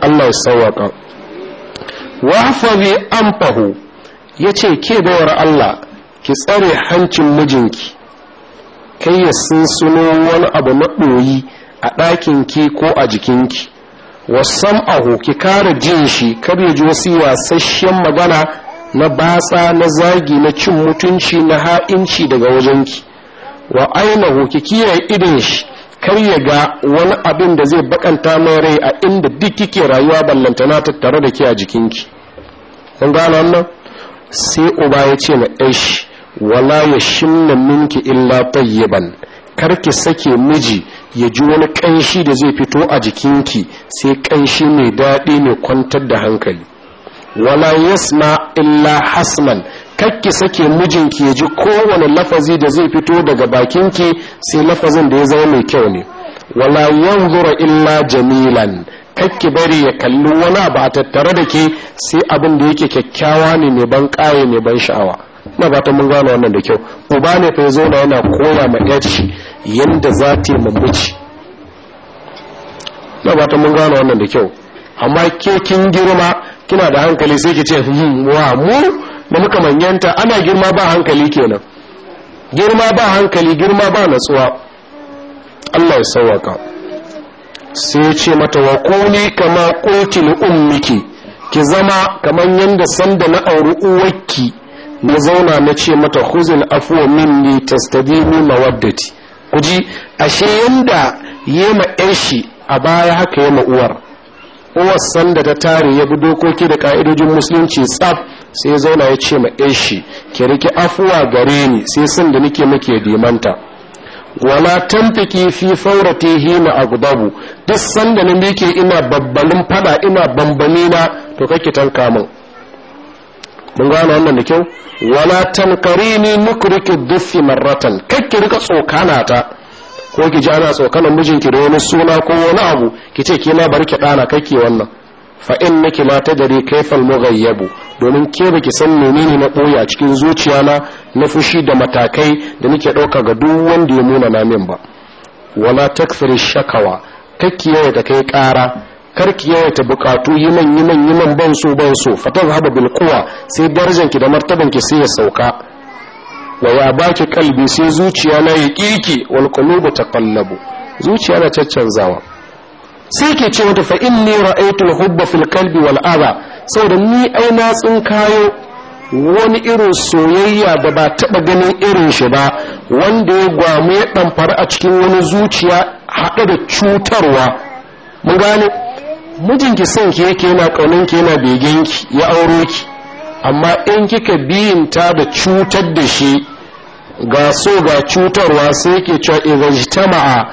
Allah ya sawaka wa hafazi anfahu yace ke bayar Allah ki tsare hancin mijinki kai ya sunsuno wani abu na ɗoyi a ɗakin ki ko a jikinki wasan aho ki kara jin shi kar ya ji wasu wasasshen magana na batsa na zagi na cin mutunci na ha'inci daga wajen ki wa ainahu ki kiyaye idin shi kar ya ga wani abin da zai bakanta mai rai a inda duk kike rayuwa ballantana tattare da ke a jikinki kun gane wannan sai uba ya ce na shi wala ya shimna minki illa tayyiban kar ki sake miji ya ji wani ƙanshi da zai fito a jikinki sai ƙanshi mai daɗi mai kwantar da hankali wala yasma illa hasman kakki sake mijinki ya ji kowane lafazi da zai fito daga bakinki sai lafazin da ya zama mai kyau ne wala yanzura illa jamilan kakki bari ya kalli wani ba tattare da ke sai abin da yake kyakkyawa ne mai ban ƙaye mai ban sha'awa na fatan mun gano wannan da kyau uba ne fa ya na yana koya ma yaci yanda za ta yi mamaci na fatan mun gano wannan da kyau amma ke kin girma kina da hankali sai ki ce hmm, wa mu da muka manyanta ana girma ba hankali kenan girma ba hankali girma ba natsuwa Allah ya sauwaka sai ya ce mata wa kuni kama qulti ummiki ki zama kaman yanda sanda na auri uwarki na zauna na ce mata huzin afuwa min minni tastadimu mawaddati ku ji ashe yanda yema yar shi a baya haka yema uwar uwar sanda ta tare ya bi dokoki da ka'idojin musulunci tsaf sai zauna ya ce ma shi ki riki afuwa gare ni sai san da nake muke dimanta wala tamfiki fi hima a agdabu duk sanda na mike ina babbalin fada ina bambamina to kake tanka min mun gano wannan da kyau wala tankarini nukriki duffi marratan kakki rika tsokana ta ko ki ji ana tsokanan mijinki da wani suna ko wani abu ki ce ke na bar ki dana kakki wannan fa innaki la tadri kayfa al-mughayyabu domin ke baki san menene na boya a cikin zuciya na na fushi da matakai da nake dauka ga duk wanda ya nuna na min ba wala takfiri shakawa kake yawa da kai kara karki yawaita bukatu yi nan yi nan yi nan ban so ban so fatan haba bil kowa sai darajanki da martabanki sai ya sauka wa ya baki kalbi sai zuciya na ya kiki wal qulubu taqallabu zuciya na caccanzawa sai ke ce wata fa inni ra'aytu al hubba fil qalbi wal adha saboda ni ai na tsinkayo wani irin soyayya da ba taba ganin irin shi ba wanda ya gwamu ya damfara a cikin wani zuciya haɗe da cutarwa mun gane mijinki son ki yake yana kaunin ki yana begen ya auro ki amma in kika biyinta da cutar da shi ga so ga cutarwa sai yake cewa idan jitama'a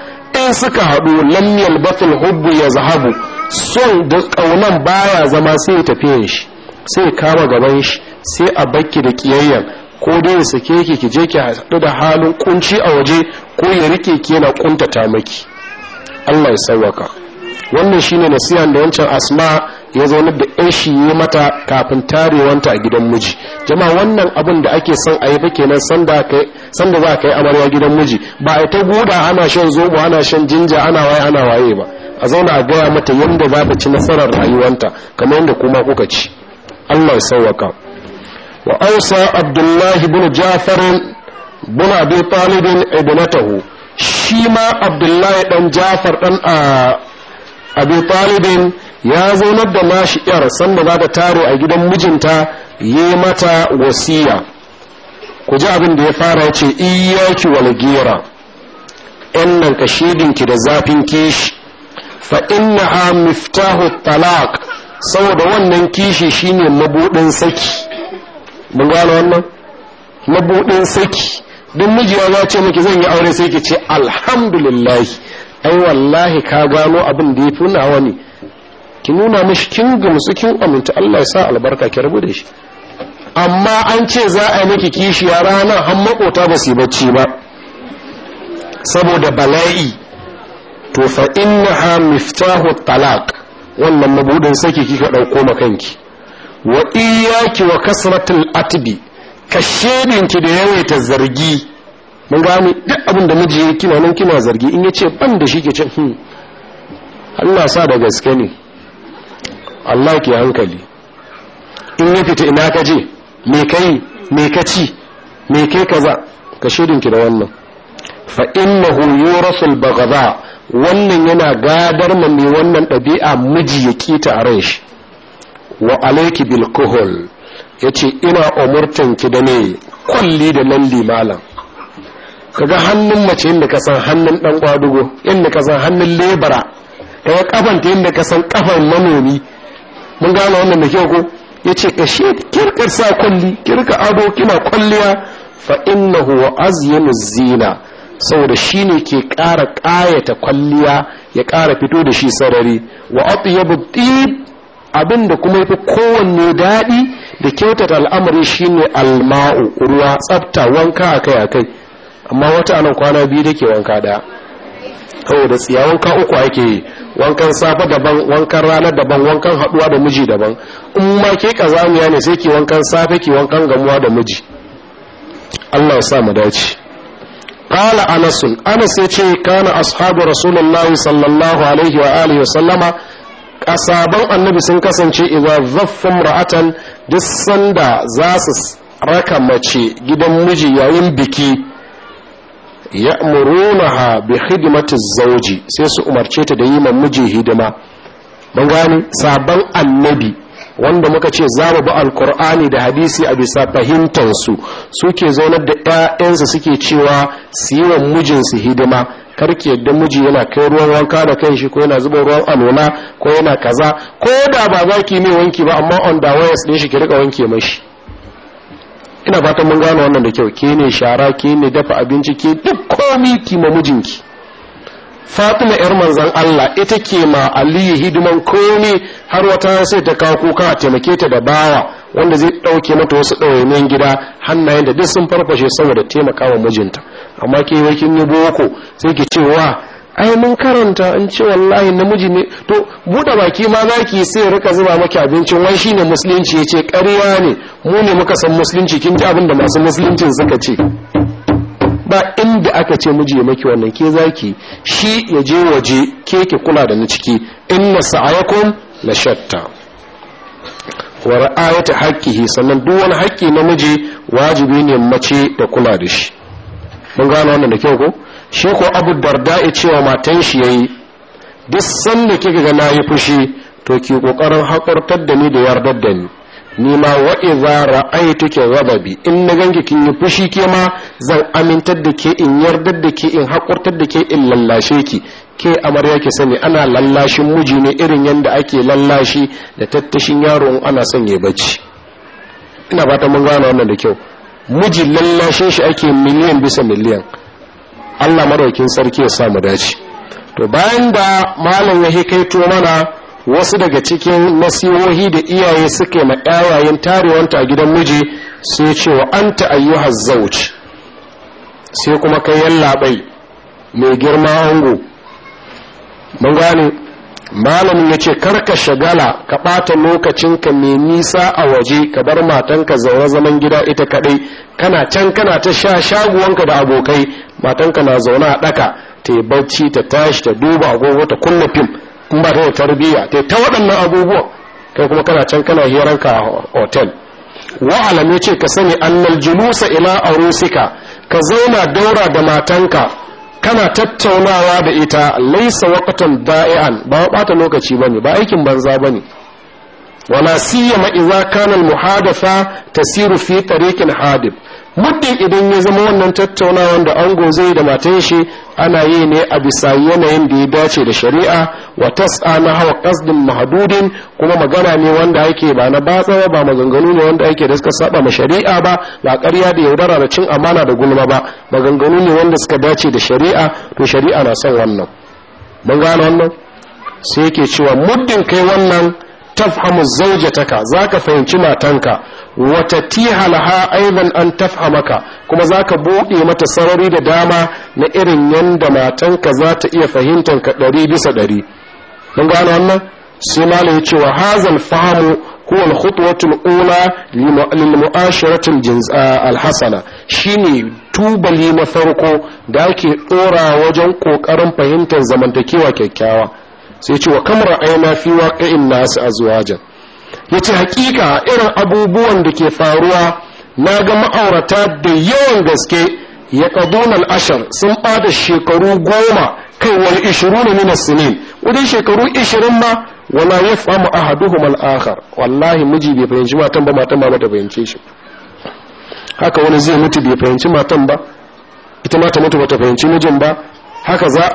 in suka haɗu lam yalbatul hubbu ya zahabu son da kaunan baya zama sai ya tafi shi sai kama gaban shi sai a bakki da kiyayyan ko dai sake ki ki je ki haɗu da halin kunci a waje ko ya rike ki yana kuntata maki Allah ya sauwaka wannan shi ne nasihan da wancan asma ya zaunar da ɗan shi yi mata kafin tarewanta a gidan miji jama'a wannan abin da ake son a yi fa kenan sanda za ka yi amarya gidan miji ba a ta guda ana shan zobo ana shan jinja ana waye ana waye ba a zauna a gaya mata yadda za ta ci nasarar rayuwanta kamar yadda kuma kuka ci Allah ya sauwaka wa ausa abdullahi bin jafar bin abi ibnatahu shi ma abdullahi dan jafar dan a ah, abi talibin ya zaunar da nashi yar sanda za ta taro a gidan mijinta yi mata wasiya ku ji abin da ya fara ce iyaki wal gira yan nan ka shidinki da zafin kishi fa ha miftahu talaq saboda wannan kishi shine mabudin saki mun gane wannan mabudin saki duk mijiya ya ce miki zan yi aure sai ki ce alhamdulillah ai wallahi ka gano abin da ya fi nawa wani ki nuna mashi kin gamsu kin aminta Allah ya sa albarka ki rabu da shi amma an ce za a yi miki kishiya ranar har makota ba su bacci ba saboda bala'i to fa ha miftahu talaq wannan mabudin saki kika dauko ma kanki wa iyyaki wa kasratul atbi kashedinki da yawaita zargi mun gane duk abin da miji kina nan kina zargi in yace ban da shi ke ce hmm Allah sa da gaske ne Allah ke hankali in ya fita ina ka je me kai me ka ci me kai kaza ka shirin ki da wannan fa innahu yurasul baghadha wannan yana gadar ma mai wannan ɗabi'a miji ya kita a ran shi wa alaiki bil kuhul yace ina umurtanki da ne kulli da lalli malam kaga hannun mace inda ka san hannun dan kwadugo inda ka san hannun lebara kaga kafan ta inda ka san kafan manomi mun gano wannan da kyau ko yace ka she kirkar sa kulli kirka ado kina kulliya fa innahu azyanu zina saboda shine ke ƙara ƙayata kwalliya ya ƙara fito da shi sarari wa atyabu tib abin da kuma yafi kowanne daɗi da kyautata al'amari shine alma'u ruwa tsafta wanka akai akai amma wata anan kwana biyu take wanka daya kawo da tsiya wanka uku ake yi wankan safa daban wankan rana daban wankan haduwa da miji daban in ma ke kazamiya ne sai ke wankan safe ke wankan gamuwa da miji Allah sa mu dace qala anas anas ce kana ashabu rasulullahi sallallahu alaihi wa alihi wa sallama kasaban annabi sun kasance idza zaffum ra'atan duk sanda za su raka mace gidan miji yayin biki ya'murunaha bi khidmati zawji sai su umarce ta da yi ma miji hidima mun gani, sabon annabi wanda muka ce za mu bi alkur'ani da hadisi a bisa fahimtansu suke zaunar da ɗayansu suke cewa su yi wa mijinsu hidima karki yadda miji yana kai ruwan wanka da kan shi ko yana zuba ruwan alona ko yana kaza ko da ba za ki mai wanki ba amma on da wayas ɗin shi ki rika wanke mashi ina fatan mun gano wannan da kyau ke ne shara ke ne dafa abinci ke duk komi ki ma mijinki fatima yar manzon allah ita ke ma aliyu hidiman komi har wata sai ta kawo kuka a taimake ta da bawa wanda zai ɗauke mata wasu ɗawainiyar gida hannayen da duk sun farfashe saboda taimaka wa mijinta amma ke yi wakin yi boko sai ki ce wa ai mun karanta an ce wallahi namiji ne to buɗe baki ma za ki sai rika zuba maki abincin wai shine musulunci ce ƙarya ne mu ne muka san musulunci kin ji abin da masu musuluncin suka ce ba inda aka ce miji maki wannan ke zaki shi ya je waje ke ki kula da na ciki inna sa'ayakum la shatta wa ra'ayata haqqihi sannan duk wani haƙƙi namiji wajibi ne mace da kula da shi mun gano wannan da kyau ko shi ko abu ce cewa matan shi yi duk sanda kika ga yi fushi to ki kokarin haƙurtar da ni da yardar da ni ni ma wa idza waɗa bi in na ganki kin yi fushi ke ma zan amintar da ke in yardar da ke in haƙurtar da ke in lallashe ki ke amarya ki sani ana lallashin miji ne irin yadda ake lallashi da tattashin yaro ana son ya bacci ina fata mun gane wannan da kyau miji lallashin shi ake miliyan bisa miliyan Allah madaukin sarki ya samu dace to bayan da malam ya hikaito mana wasu daga cikin nasihohi da iyaye suke ma ƴaƴayen tarewanta a gidan miji sai ce wa anta ayyuha zawj sai kuma kai yallabai mai girma ango mun gane malamin ya ce karka shagala ka ɓata lokacinka mai nisa a waje ka bar matanka zaune zaman gida ita kaɗai kana can kana ta sha shaguwanka da abokai matanka na zaune a ɗaka ta yi bacci ta tashi ta duba agogo ta kunna fim in ba ta da tarbiyya ta ta waɗannan abubuwan kai kuma kana can kana hiranka a hotel wa'alam alamai ce ka sani annal julusa ila arusika ka zauna daura da matanka kana tattaunawa da ita laisa waqtan da'ian ba bata lokaci bane ba aikin banza bane wala siyama idza kana al muhadatha tasiru fi tariqin hadib muddin idan ya zama wannan tattaunawan da ango zai da matan shi ana yi ne a bisa yanayin da ya dace da shari'a wa tas'a na hawa kasdin mahadudin kuma magana ne wanda ake ba na batsawa ba maganganu ne wanda ake da suka saba ma shari'a ba ba ƙarya da yaudara da cin amana da gulma ba maganganu ne wanda suka dace da shari'a to shari'a na son wannan mun gane wannan sai yake cewa muddin kai wannan tafhamu zaujataka zaka fahimci matanka wata tihalaha aidan an tafhamaka kuma zaka buɗe mata sarari da dama na irin yanda matanka zata iya fahimtar ka ɗari bisa ɗari mun gano wannan sai malam ya ce wa hazal fahamu هو الخطوة الأولى للمؤاشرة الجنس الحسنة شيني tubali na farko da ake ɗora wajen ƙoƙarin fahimtar zamantakewa kyakkyawa sai ce wa kamar aina fi waƙi'in nasu azwajan yace hakika irin abubuwan da ke faruwa na ga ma'aurata da yawan gaske ya ƙadunan ashar sun bada shekaru goma kai wal ishiru na nuna sinin wajen shekaru ishirin ma wala ya famu ahaduhum al-akhar wallahi miji bai fahimci matan ba matan ba ta fahimce shi haka wani zai mutu bai fahimci matan ba ita ma ta mutu bata fahimci mijin ba haka za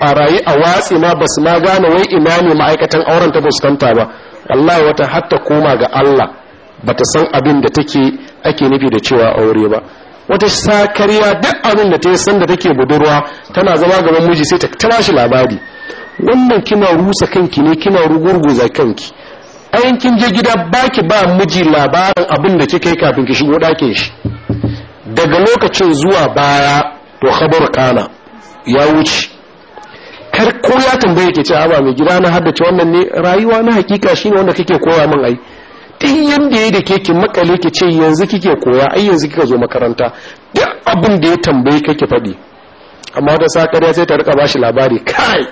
a rayu a watsi ma ba su ma gane wai ina ne ma'aikatan auren ta fuskanta ba allah wata hatta koma ga Allah ba ta san abin da take ake nufi da cewa aure ba wata sakariya duk abin da ta yi san da take budurwa tana zama gaban miji sai ta tara shi labari wannan kina rusa kanki ne kina rugurguza kanki ayin kin je gida baki ba miji labarin abin da kika yi kafin ki shigo ɗakin shi daga lokacin zuwa baya to khabar kana ya wuce kar ko ya tambaye ke cewa ba mai gida na haddace wannan ne rayuwa na hakika shi ne wanda kake koya min ai tun yanda ya da ke ki makale ke ce yanzu kike koya ai yanzu kika zo makaranta duk abin da ya tambaye kake faɗi amma da sa ya sai ta rika ba shi labari kai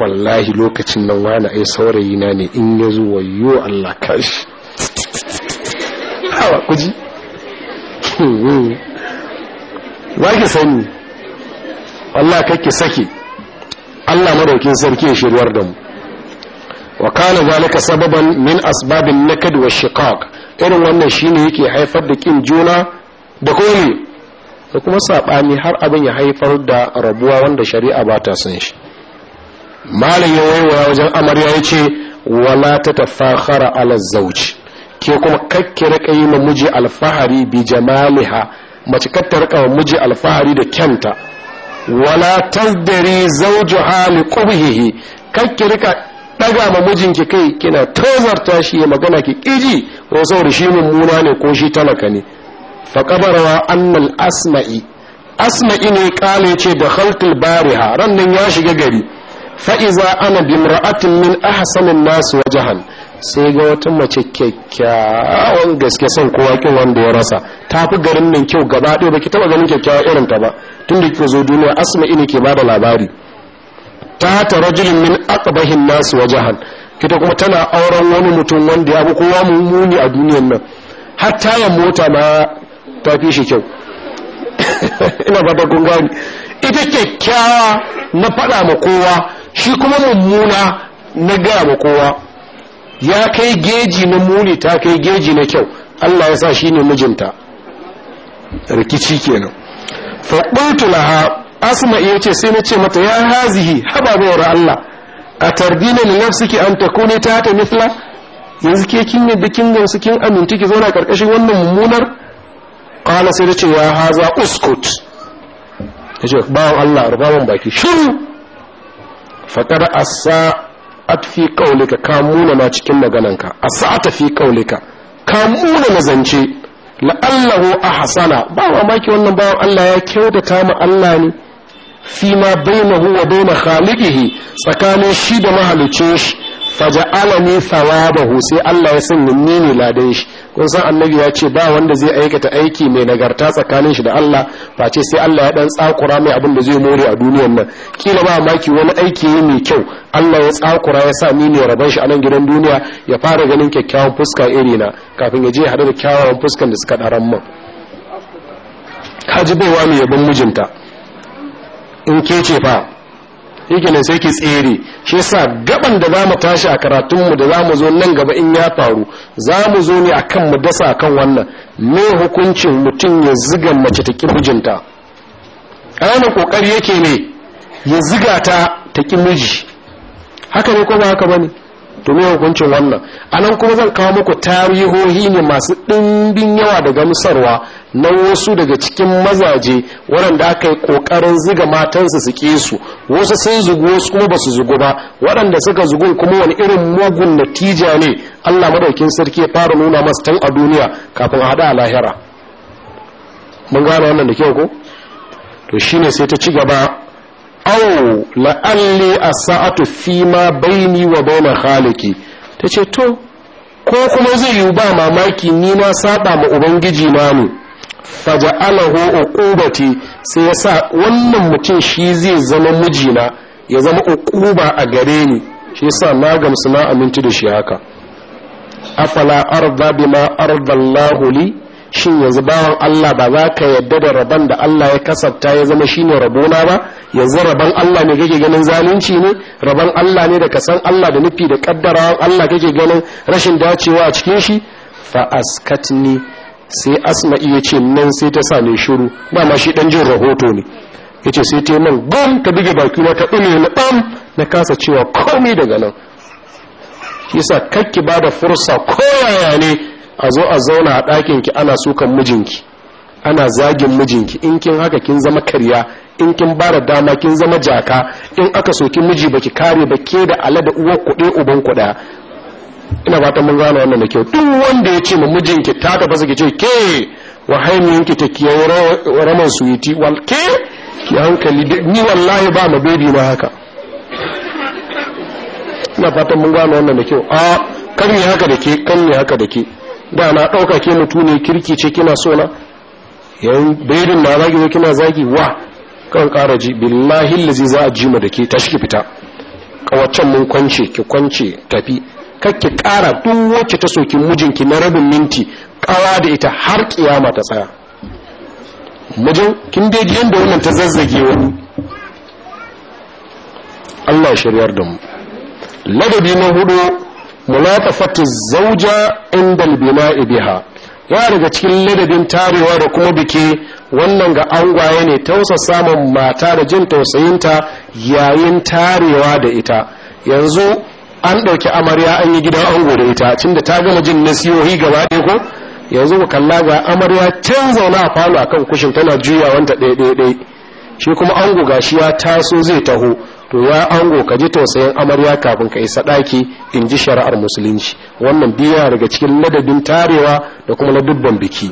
wallahi lokacin nan wani ai saurayi na ne in ya zo wayo Allah kashi awa kuji za hmm, hmm. ki sani Allah kake saki. Allah madaukin sarki ya shiryar da mu wa kana zalika sababan min asbabin nakad wa shiqaq irin wannan shine yake haifar da kin juna da koyi da kuma sabani har abin ya haifar da rabuwa wanda shari'a ba ta san shi malam ya waiwaya wajen amarya ya ce wala ta tafakhara ala zawji ke kuma kakke rika yi ma miji alfahari bi jamaliha mace kar ta rika miji alfahari da kyanta wala tazdari zawjuha li qubhihi kakki rika ɗaga ma mijinki kai kina tozarta shi ya magana ki kiji ko saboda shi mummuna ne ko shi talaka ne fa qabarawa annal asma'i asma'i ne kale ce da khalqil bariha ran nan ya shiga gari fa'iza ana bi imra'atin min ahsanin nas wajahan. sai ga wata mace kyakkyawan gaske son kowa kin wanda ya rasa ta fi garin nan kyau gaba ɗaya baki taɓa ganin kyakkyawa irin ta ba tun da kika zo duniya asma ina ke bada labari ta ta rajulin min aqbahin nasu wajahan kita kuma tana auren wani mutum wanda ya bi kowa mummuni a duniyan nan har tayan mota ma ta fi shi kyau <coughs> ina fata kun gani ita kyakkyawa na faɗa ma kowa shi kuma mummuna na gaya ma kowa ya kai geji na muni ta kai geji na kyau Allah ya sa shi ne mijinta rikici kenan faɗintu laha asma iya ce sai na ce mata ya hazihi haba bayar Allah a tardina ne nafsiki an ta ne ta hata mithla yanzu ke kin yadda kin su kin aminta ki zauna karkashin wannan mummunar qala sai ta ce ya haza uskut yace Bawo Allah rubawan baki shiru faqad asa sa'at fi qaulika ka muna na cikin magananka as'ata fi qaulika ka muna na zance la'allahu a hasana ba mamaki wannan bawan Allah ya kyautata mu Allah ne fi ma bainahu wa bain khaliqihi tsakanin shi da mahalicin shi faja'alani bahu sai Allah ya sanya ni ne ladan shi kun san annabi ya ce ba wanda zai aikata aiki mai nagarta tsakanin shi da Allah face sai Allah ya dan tsakura mai abin da zai more a duniyar nan kila ba maki wani aiki ne mai kyau Allah ya tsakura ya sa ni ne rabon shi a nan gidan duniya ya fara ganin kyakkyawan fuska iri na kafin ya je hada da kyawawan fuskan da suka daran min. haji baiwa mai yabon mijinta in ke ce fa yake nan sai ki tsere shi yasa gaban da mu tashi a karatunmu da za mu zo nan gaba in ya faru zamu zo ne akan mu dasa akan wannan me hukuncin mutum ya ziga mace ta ki ana kokari yake ne ya zuga ta ta miji haka ne ko ba haka bane to me hukuncin wannan anan kuma zan kawo muku tarihohi ne masu ɗimbin yawa da gamsarwa na wasu daga cikin mazaje waɗanda aka yi ƙoƙarin ziga matansu su ke su wasu sun zugu wasu kuma ba su zugu ba waɗanda suka zugu kuma wani irin mugun natija ne allah madaukin sarki ya fara nuna masa tan a duniya kafin a a lahira mun gane wannan da kyau ko to shine sai ta ci gaba au la'alli a saatu fi ma baini wa baina khaliki ta ce to ko kuma zai yi ba mamaki ni na saba ma ubangiji na ne faja'alahu uqubati sai ya sa wannan mutum shi zai zama mijina ya zama uquba a gare ni shi yasa na gamsu na aminci da shi haka afala arda bima arda Allahu li shin yanzu bawan Allah ba za ka yadda da rabon da Allah ya kasabta ya zama shine rabona ba yanzu rabon Allah ne kake ganin zalunci ne rabon Allah ne da kasan Allah da nufi da kaddarawan Allah kake ganin rashin dacewa a cikin shi fa askatni sai asma iya ce nan sai ta sa ne shiru ba ma shi dan jin rahoto ne yace sai ta nan gum ka buge baki na ka dune na bam na kasa cewa komai daga nan yasa kakki ba da fursa koyaya ne a zo a zauna a ɗakinki ana sukan mijinki ana zagin mijinki in kin haka kin zama karya in kin bara dama kin zama jaka in aka soki miji baki kare ba ke da ala da uwar kuɗe uban kuɗa ina fatan mun gane wannan da kyau duk wanda ya ce ma mijinki ta tafi suke ce ke wa yanki ta kiyaye raman yi wal ke ki hankali ni wallahi ba ma bebi ma haka ina fatan mun gane wannan da kyau a kan ne haka da ke kan ne haka da ke da na ɗaukake ke mutu ne kirki ce kina so na yayin biredin na zagi kina zagi wa kan ƙara ji billahi lazi za a ji mu da ke tashi fita kawaccen mun kwance ki kwance tafi kakki ƙara duk wacce ta soki mijinki na rabin minti ƙara da ita har kiyama ta tsaya mijin kin dai yanda wannan ta zazzage wani Allah shiryar da mu ladabi na hudu munaqafatu zauja inda al-bina'i biha ya daga cikin ladabin tarewa da kuma biki wannan ga angwaye ne tausa samun mata da jin tausayinta yayin tarewa da ita yanzu an ɗauki amarya an yi gidan ango da ita cin ta gama jin nasihohi gaba ɗaya ko yanzu ku kalla ga amarya can zauna a falo akan kushin tana juyawanta ɗaya ɗaya ɗaya shi kuma ango gashi ya taso zai taho to ya ango ka ji tausayin amarya kafin ka isa daki in ji shari'ar musulunci wannan biya daga cikin ladabin tarewa da kuma ladabban biki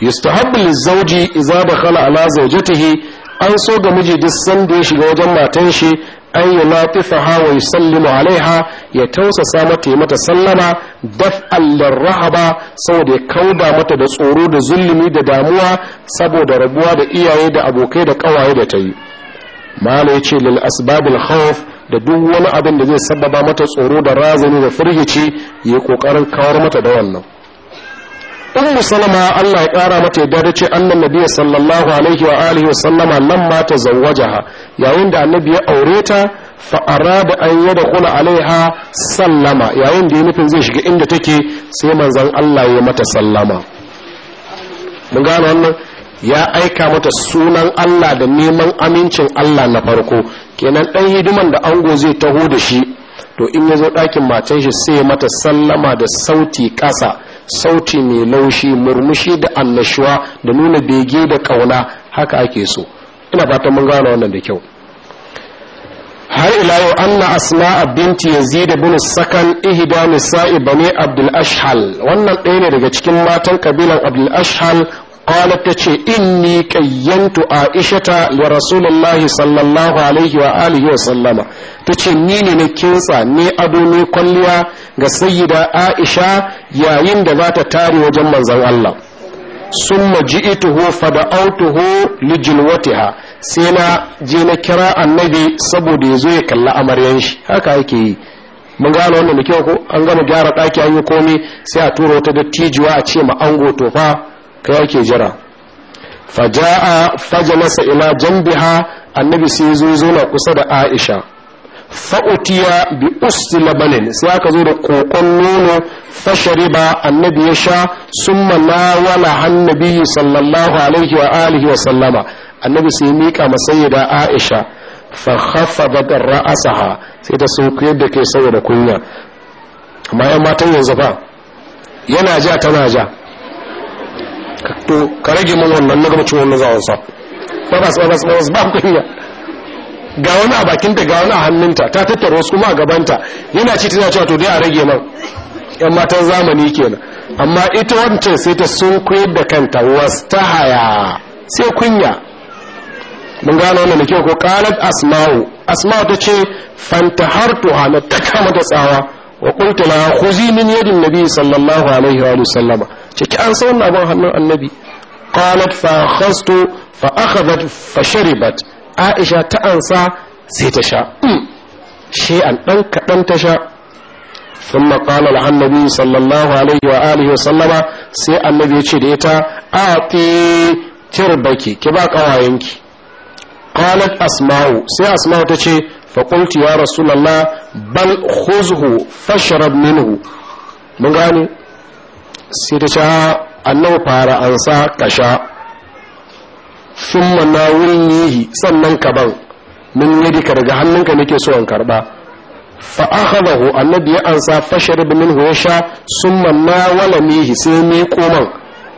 yustahabbu lizawji idza dakhala ala zawjatihi an so ga miji duk sanda ya shiga wajen matan shi an yi latifaha wa yusallimu alaiha ya tausasa mata ya mata sallama daf allar rahaba saboda ya kauda mata da tsoro da zulumi da damuwa saboda rabuwa da iyaye da abokai da kawaye da ta yi malo ya ce lil asbabil khawf da duk wani abin da zai sababa mata tsoro da razani da firgici ya kokarin kawar mata da wannan ummu salama Allah ya kara mata yadda da ce annan nabi sallallahu alaihi wa alihi wa sallama nan ma lamma tazawwajaha yayin da annabi ya aure ta fa arada an kula alaiha sallama yayin da ya nufin zai shiga inda take sai manzon Allah ya mata sallama mun gane wannan ya aika mata sunan Allah da neman amincin Allah na farko kenan ɗan hidiman da ango zai taho da shi to in ya zo ɗakin matan shi sai mata sallama da sauti ƙasa sauti mai laushi murmushi da annashuwa da nuna bege da ƙauna haka ake so ina fatan mun gane wannan da kyau har ila yau anna asma'a binti yazid ibn sakan ihda nisa'i bani abdul ashhal wannan ɗaya ne daga cikin matan kabilan abdul ashhal قالت تشي إني كينت عائشة ورسول الله صلى الله عليه وآله وسلم تشي نيني نكينسا ني أبو ني كليا سيدة عائشة يا يند ذات تاري وجمع زو الله ثم جئته فدعوته لجلوتها سينا جينا كراء النبي سبو ديزوي كلا أمر ينشي هكا يكي mun gane wannan da kyau ko an gama gyara ɗaki an yi komai sai a turo ta dattijuwa a ce ma ango to kai ake jira faja'a fajalasa ila jambiha annabi sai zo zauna kusa da aisha fa'utiya bi usti labanin sai aka zo da kokon nono fashariba annabi ya sha summa wala hannabi sallallahu alaihi wa alihi wa sallama annabi sai mika masayyida aisha fa khaffadat ra'asaha sai ta sauko yadda ke saboda kunya amma yan matan yanzu fa yana ja tana ja to ka rage mana wannan na gaba cin wannan zawon sa ba ba ba ba ba kunya ga wani a bakinta ga wani a hannunta ta tattara wasu kuma a gabanta yana ce tana cewa to dai a rage man yan matan zamani kenan amma ita wancan sai ta sun koyar da kanta wastahaya ta haya sai kunya mun gano wannan da ke ko qalat asma'u asma'u ta ce fantahartu na ta kama tsawa wa qultu la khuzi min yadin nabi sallallahu alaihi wa sallama cikin an san wannan abin hannun annabi qalat fa khastu fa akhadhat fa sharibat aisha ta ansa sai ta sha hmm. she an dan kadan ta sha ثم قال النبي صلى الله عليه واله وسلم سي النبي يچه da ita ati tirbaki ki ba kawayenki قالت اسماء سي اسماء تچه فقلت يا رسول الله بل خذه فاشرب منه من غاني sai ta sha annabi fara an sa ka sha summa na wurihi sannan ka ban min yadi ka daga hannunka nake so an karba fa akhadahu annabi ya ansa fashar minhu ya sha summa na wala mihi sai me koman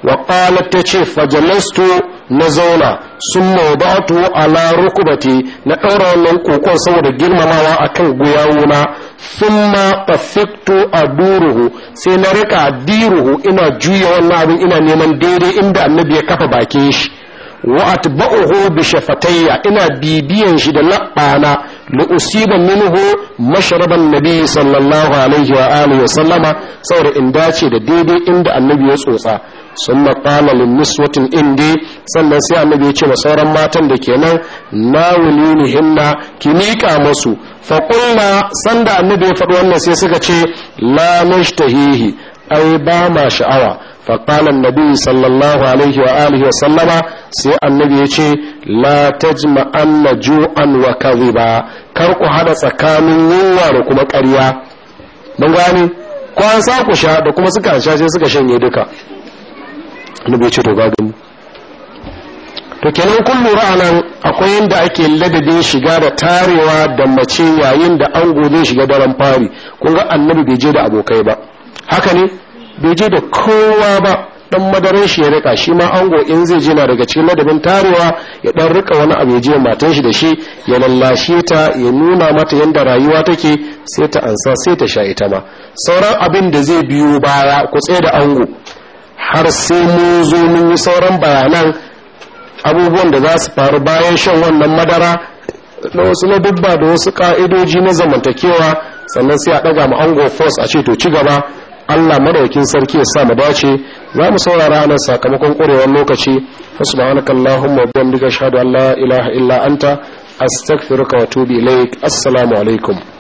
Waƙala ta ce Fajalasto na zauna sun mawdatu ala rukubati na ɗaura wannan kokon saboda girmamawa akan guyawuna thumma tafiktu aduruhu sai na rika diruhu ina juya wannan abin ina neman daidai inda annabi ya kafa bakin shi wa atba'uhu bi shafatayya ina bibiyan shi da labbana لأصيب منه مشرب النبي صلى الله in dace da daidai inda annabi ya tsotsa sun يسوسا ثم قال للنسوة إندي sannan sai annabi ya ce wa sauran matan da kenan na wulini hinna ki miƙa musu fa kulla sanda annabi ya faɗi wannan sai suka ce la nashtahihi ai ba ma sha'awa فقال النبي صلى الله عليه وآله وسلم سي النبي يشي لا تجمعن جوعا وكذبا كركو هذا سكان يوار كما قريا من غاني kwan sa ku sha da kuma سكا sha sai النبي shanye duka annabi ya ce to kenan kun lura anan akwai yadda ake ladabin shiga da tarewa da mace yayin da ango zai shiga daren fari kun ga annabi bai je da abokai ba haka ne bai je da kowa ba dan madaran shi ya rika shi ma ango in zai je na daga cikin ladabin tarewa ya dan rika wani abu ya je matan shi da shi ya lallashe ta ya nuna mata yanda rayuwa take sai ta ansa sai ta sha ita ma sauran abin da zai biyo baya ku tsaye da ango har sai mu zo mun yi sauran bayanan abubuwan da za su faru bayan shan wannan madara na wasu ladabba da wasu ka'idoji na zamantakewa sannan sai a ɗaga ma ango force a ce to ci gaba Allah madaukin sarki ya sa mu dace za mu saurara anan sakamakon ƙwarewar lokaci subhanakallahumma wa bihamdika ashhadu an la ilaha illa anta astaghfiruka wa atubu ilaik assalamu alaikum